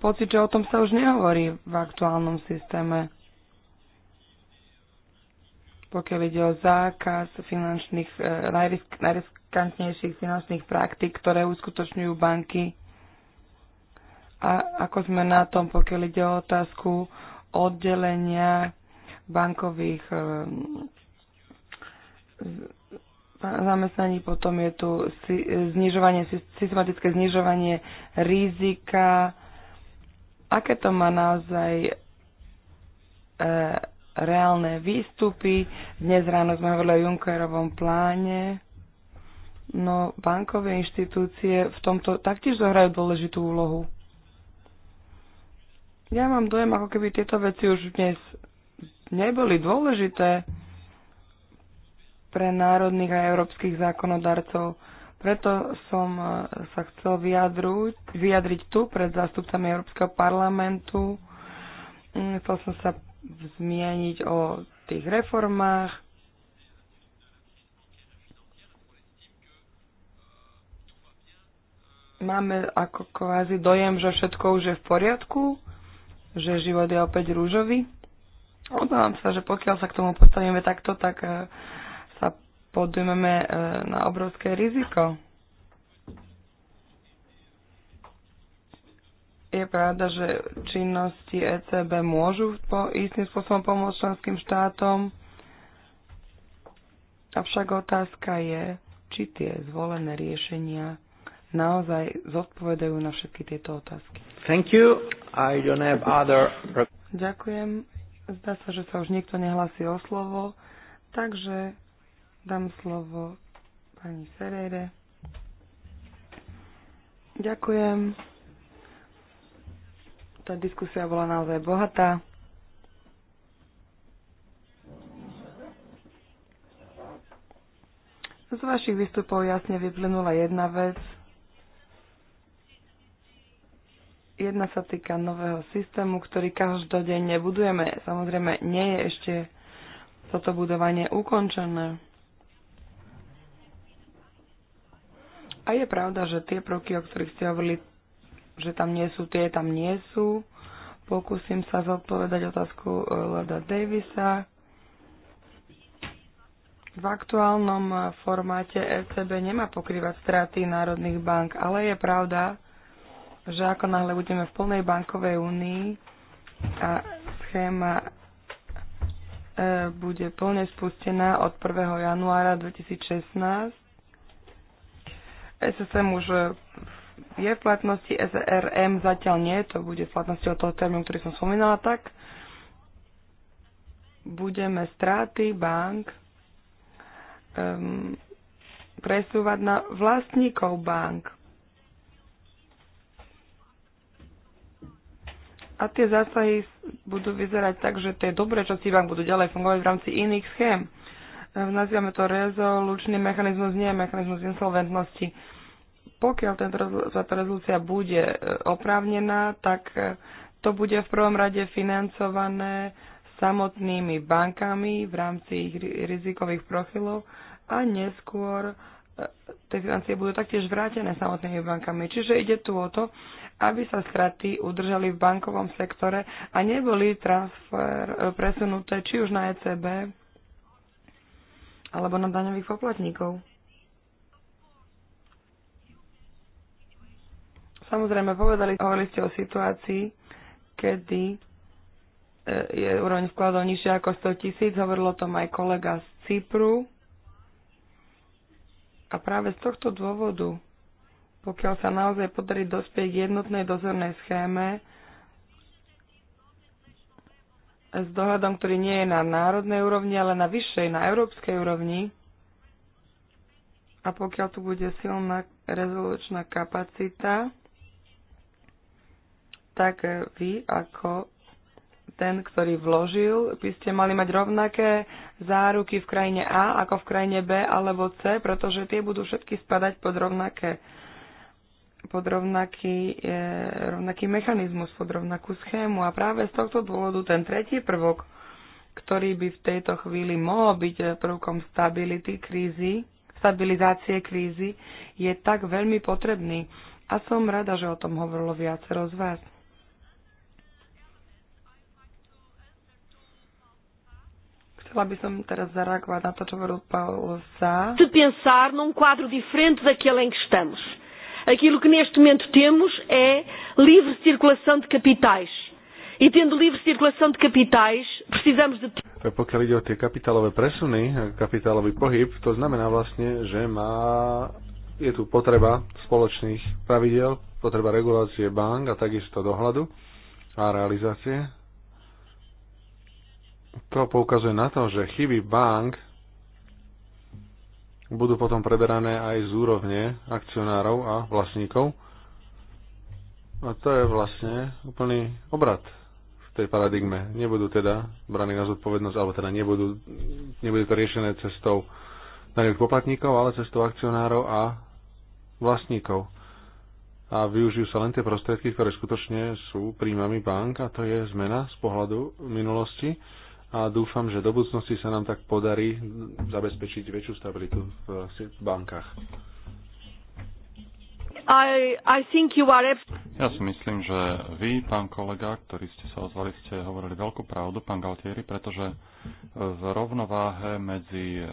B: pocit, že o tom sa už nehovorí v aktuálnom systéme. Pokiaľ ide o zákaz finančných, eh, najrisk, najriskantnejších finančných praktík, ktoré uskutočňujú banky a ako sme na tom, pokiaľ ide o otázku oddelenia bankových eh, zamestnaní, potom je tu znižovanie, systematické znižovanie rizika. Aké to má naozaj eh, reálne výstupy? Dnes ráno sme hovorili o Junckerovom pláne. No, bankové inštitúcie v tomto taktiež zohrajú dôležitú úlohu. Ja mám dojem, ako keby tieto veci už dnes neboli dôležité pre národných a európskych zákonodarcov. Preto som e, sa chcel vyjadruť, vyjadriť tu pred zástupcami Európskeho parlamentu. Mm, chcel som sa zmieniť o tých reformách. Máme ako kvázi dojem, že všetko už je v poriadku, že život je opäť rúžový. Obávam sa, že pokiaľ sa k tomu postavíme takto, tak e, sa podujmeme e, na obrovské riziko. Je pravda, že činnosti ECB môžu po istým spôsobom pomôcť členským štátom, avšak otázka je, či tie zvolené riešenia naozaj zodpovedajú na všetky tieto otázky. Thank you. I don't have other... Ďakujem. Zdá sa, že sa už nikto nehlasí o slovo, takže dám slovo pani Serere. Ďakujem. Tá diskusia bola naozaj bohatá. Z vašich výstupov jasne vyplynula jedna vec, Jedna sa týka nového systému, ktorý každodenne budujeme. Samozrejme, nie je ešte toto budovanie ukončené. A je pravda, že tie prvky, o ktorých ste hovorili, že tam nie sú, tie tam nie sú. Pokúsim sa zodpovedať otázku eh, Lorda Davisa. V aktuálnom eh, formáte ECB nemá pokrývať straty národných bank, ale je pravda, že ako náhle budeme v plnej bankovej únii a schéma e, bude plne spustená od 1. januára 2016. SSM už je v platnosti, SRM zatiaľ nie, to bude v platnosti od toho termínu, ktorý som spomínala, tak budeme stráty bank um, presúvať na vlastníkov bank A tie zásahy budú vyzerať tak, že tie dobré časti bank budú ďalej fungovať v rámci iných schém. E, nazývame to rezolučný mechanizmus, nie mechanizmus insolventnosti. Pokiaľ táto rezolúcia bude e, oprávnená, tak e, to bude v prvom rade financované samotnými bankami v rámci ich rizikových profilov a neskôr tie financie budú taktiež vrátené samotnými bankami. Čiže ide tu o to, aby sa straty udržali v bankovom sektore a neboli transfer e, presunuté či už na ECB alebo na daňových poplatníkov. Samozrejme, povedali, hovorili ste o situácii, kedy e, je úroveň vkladov nižšia ako 100 tisíc, hovoril o tom aj kolega z Cypru. A práve z tohto dôvodu pokiaľ sa naozaj podarí dospieť k jednotnej dozornej schéme s dohľadom, ktorý nie je na národnej úrovni, ale na vyššej, na európskej úrovni, a pokiaľ tu bude silná rezolučná kapacita, tak vy ako ten, ktorý vložil, by ste mali mať rovnaké záruky v krajine A ako v krajine B alebo C, pretože tie budú všetky spadať pod rovnaké pod rovnaký, e, rovnaký mechanizmus, pod rovnakú schému. A práve z tohto dôvodu ten tretí prvok, ktorý by v tejto chvíli mohol byť prvkom stability krízy, stabilizácie krízy, je tak veľmi potrebný. A som rada, že o tom hovorilo viacero z vás. Chcela by som teraz zareagovať na to, čo hovoril Paul Sá. De
A: pensar num quadro diferente daquele em que estamos Aquilo que neste momento temos é livre circulação de capitais. E tendo livre circulação de capitais,
B: precisamos de.
C: Pokiaľ ide o tie kapitálové presuny, kapitálový pohyb, to znamená vlastne, že má, je tu potreba spoločných pravidel, potreba regulácie bank a takisto dohľadu a realizácie. To poukazuje na to, že chyby bank budú potom preberané aj z úrovne akcionárov a vlastníkov. A to je vlastne úplný obrad v tej paradigme. Nebudú teda braní na zodpovednosť, alebo teda nebudú, nebude to riešené cestou daňových poplatníkov, ale cestou akcionárov a vlastníkov. A využijú sa len tie prostriedky, ktoré skutočne sú príjmami bank a to je zmena z pohľadu minulosti a dúfam, že do budúcnosti sa nám tak podarí zabezpečiť väčšiu stabilitu v bankách.
A: I, I think you are... Ja si myslím, že vy, pán kolega, ktorý ste sa ozvali, ste hovorili veľkú pravdu, pán Galtieri, pretože v rovnováhe medzi eh,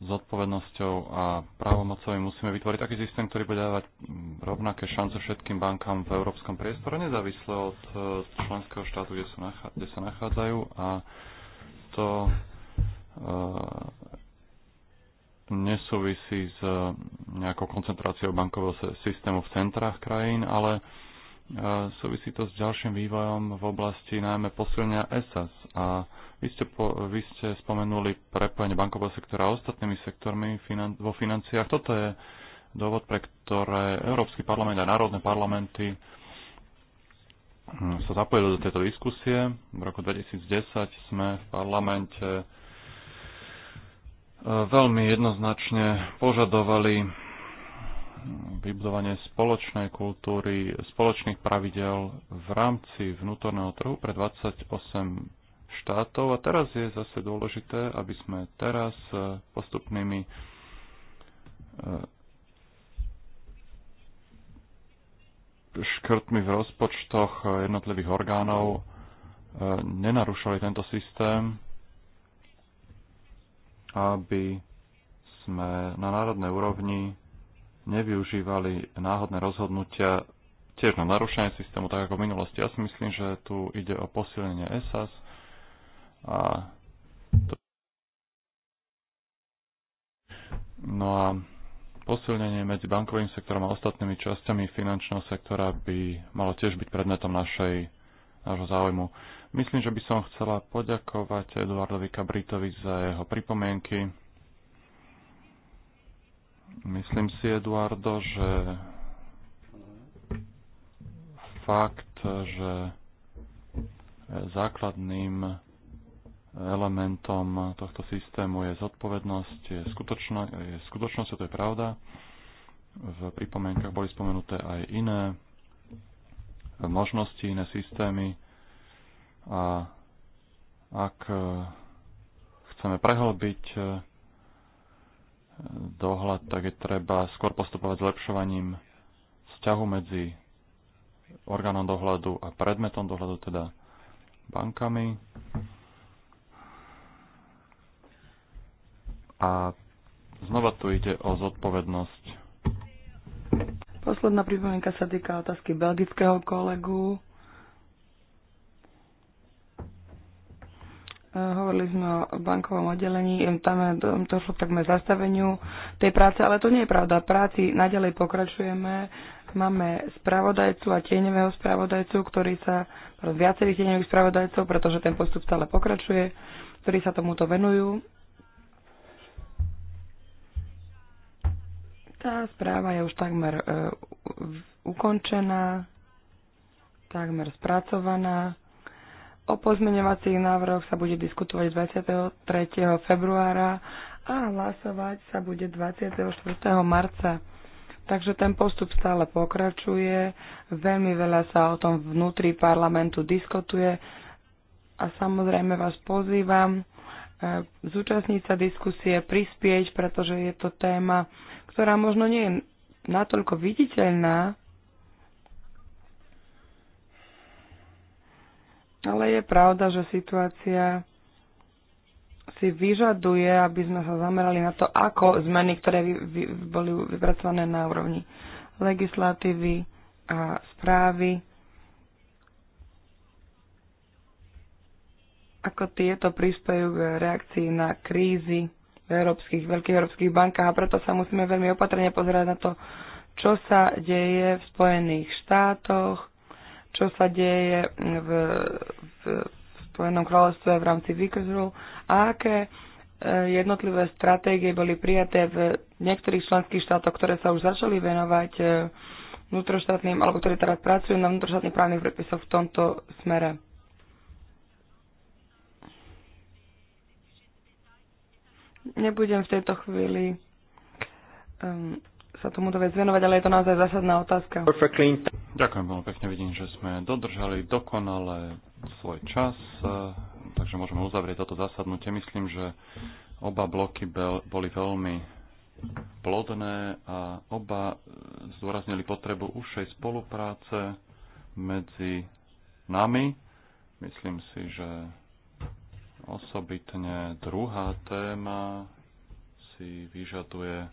A: zodpovednosťou a právomocou musíme vytvoriť taký systém, ktorý bude dávať mm, rovnaké šance všetkým bankám v európskom priestore, nezávisle od e, členského štátu, kde, sú nachá, kde sa nachádzajú. A to e, nesúvisí s e, nejakou koncentráciou bankového systému v centrách krajín, ale e, súvisí to s ďalším vývojom v oblasti najmä posilnenia ESAS. A vy ste, po, vy ste spomenuli prepojenie bankového sektora a ostatnými sektormi finan, vo financiách. Toto je dôvod, pre ktoré Európsky parlament a národné parlamenty hm, sa zapojili do tejto diskusie. V roku 2010 sme v parlamente e, veľmi jednoznačne požadovali vybudovanie spoločnej kultúry, spoločných pravidel v rámci vnútorného trhu pre 28 štátov. A teraz je zase dôležité, aby sme teraz e, postupnými e, škrtmi v rozpočtoch jednotlivých orgánov e, nenarušali tento systém, aby sme na národnej úrovni nevyužívali náhodné rozhodnutia tiež na narušenie systému, tak ako v minulosti. Ja si myslím, že tu ide o posilnenie SAS. a to... No a posilnenie medzi bankovým sektorom a ostatnými časťami finančného sektora by malo tiež byť predmetom našej, nášho záujmu. Myslím, že by som chcela poďakovať Eduardovi Kabritovi za jeho pripomienky Myslím si, Eduardo, že fakt, že základným elementom tohto systému je zodpovednosť, je, skutočno, je skutočnosť, to je pravda. V pripomienkach boli spomenuté aj iné možnosti, iné systémy a ak chceme prehlbiť dohľad, tak je treba skôr postupovať zlepšovaním vzťahu medzi orgánom dohľadu a predmetom dohľadu, teda bankami. A znova tu ide o zodpovednosť.
B: Posledná pripomienka sa týka otázky belgického kolegu. Hovorili sme o bankovom oddelení, tam došlo k takmer zastaveniu tej práce, ale to nie je pravda. Práci naďalej pokračujeme, máme spravodajcu a tieňového spravodajcu, ktorý sa, viacerých tieňových spravodajcov, pretože ten postup stále pokračuje, ktorí sa tomuto venujú. Tá správa je už takmer e, ukončená, takmer spracovaná O pozmeňovacích návrhoch sa bude diskutovať 23. februára a hlasovať sa bude 24. marca. Takže ten postup stále pokračuje, veľmi veľa sa o tom vnútri parlamentu diskutuje a samozrejme vás pozývam e, zúčastniť sa diskusie, prispieť, pretože je to téma, ktorá možno nie je natoľko viditeľná, Ale je pravda, že situácia si vyžaduje, aby sme sa zamerali na to, ako zmeny, ktoré vy, vy, boli vypracované na úrovni legislatívy a správy, ako tieto prispejú k reakcii na krízy v európskych, veľkých európskych bankách a preto sa musíme veľmi opatrne pozerať na to, čo sa deje v Spojených štátoch, čo sa deje v, v, v Spojenom kráľovstve v rámci Vickers Rule a aké e, jednotlivé stratégie boli prijaté v niektorých členských štátoch, ktoré sa už začali venovať e, vnútroštátnym, alebo ktoré teraz pracujú na vnútroštátnych právnych predpisoch v tomto smere. Nebudem v tejto chvíli um, sa tomu vec venovať, ale je to naozaj zásadná otázka.
A: Ďakujem veľmi pekne, vidím, že sme dodržali dokonale svoj čas, eh, takže môžeme uzavrieť toto zasadnutie. Myslím, že oba bloky boli veľmi plodné a oba eh, zdôraznili potrebu užšej spolupráce medzi nami. Myslím si, že osobitne druhá téma si vyžaduje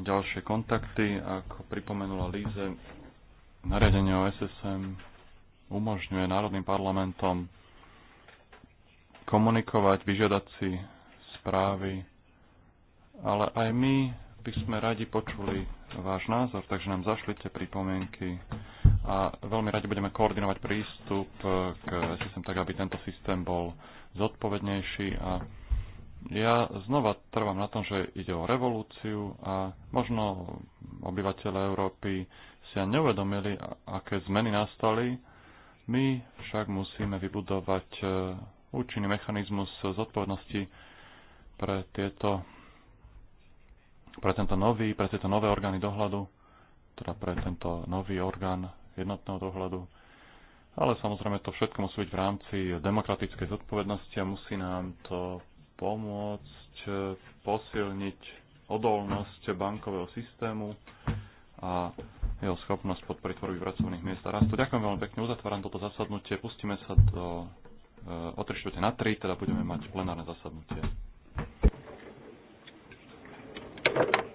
A: ďalšie kontakty. Ako pripomenula Líze, nariadenie o SSM umožňuje národným parlamentom komunikovať, vyžiadať si správy, ale aj my by sme radi počuli váš názor, takže nám zašlite pripomienky a veľmi radi budeme koordinovať prístup k SSM tak, aby tento systém bol zodpovednejší a ja znova trvám na tom, že ide o revolúciu a možno obyvateľe Európy si ani neuvedomili, aké zmeny nastali. My však musíme vybudovať e, účinný mechanizmus zodpovednosti pre tieto pre tento nový, pre tieto nové orgány dohľadu, teda pre tento nový orgán jednotného dohľadu. Ale samozrejme to všetko musí byť v rámci demokratickej zodpovednosti a musí nám to pomôcť eh, posilniť odolnosť bankového systému a jeho schopnosť podporiť tvorby pracovných miest a rastu. Ďakujem veľmi pekne, uzatváram toto zasadnutie, pustíme sa do eh, o na 3, teda budeme mať plenárne zasadnutie.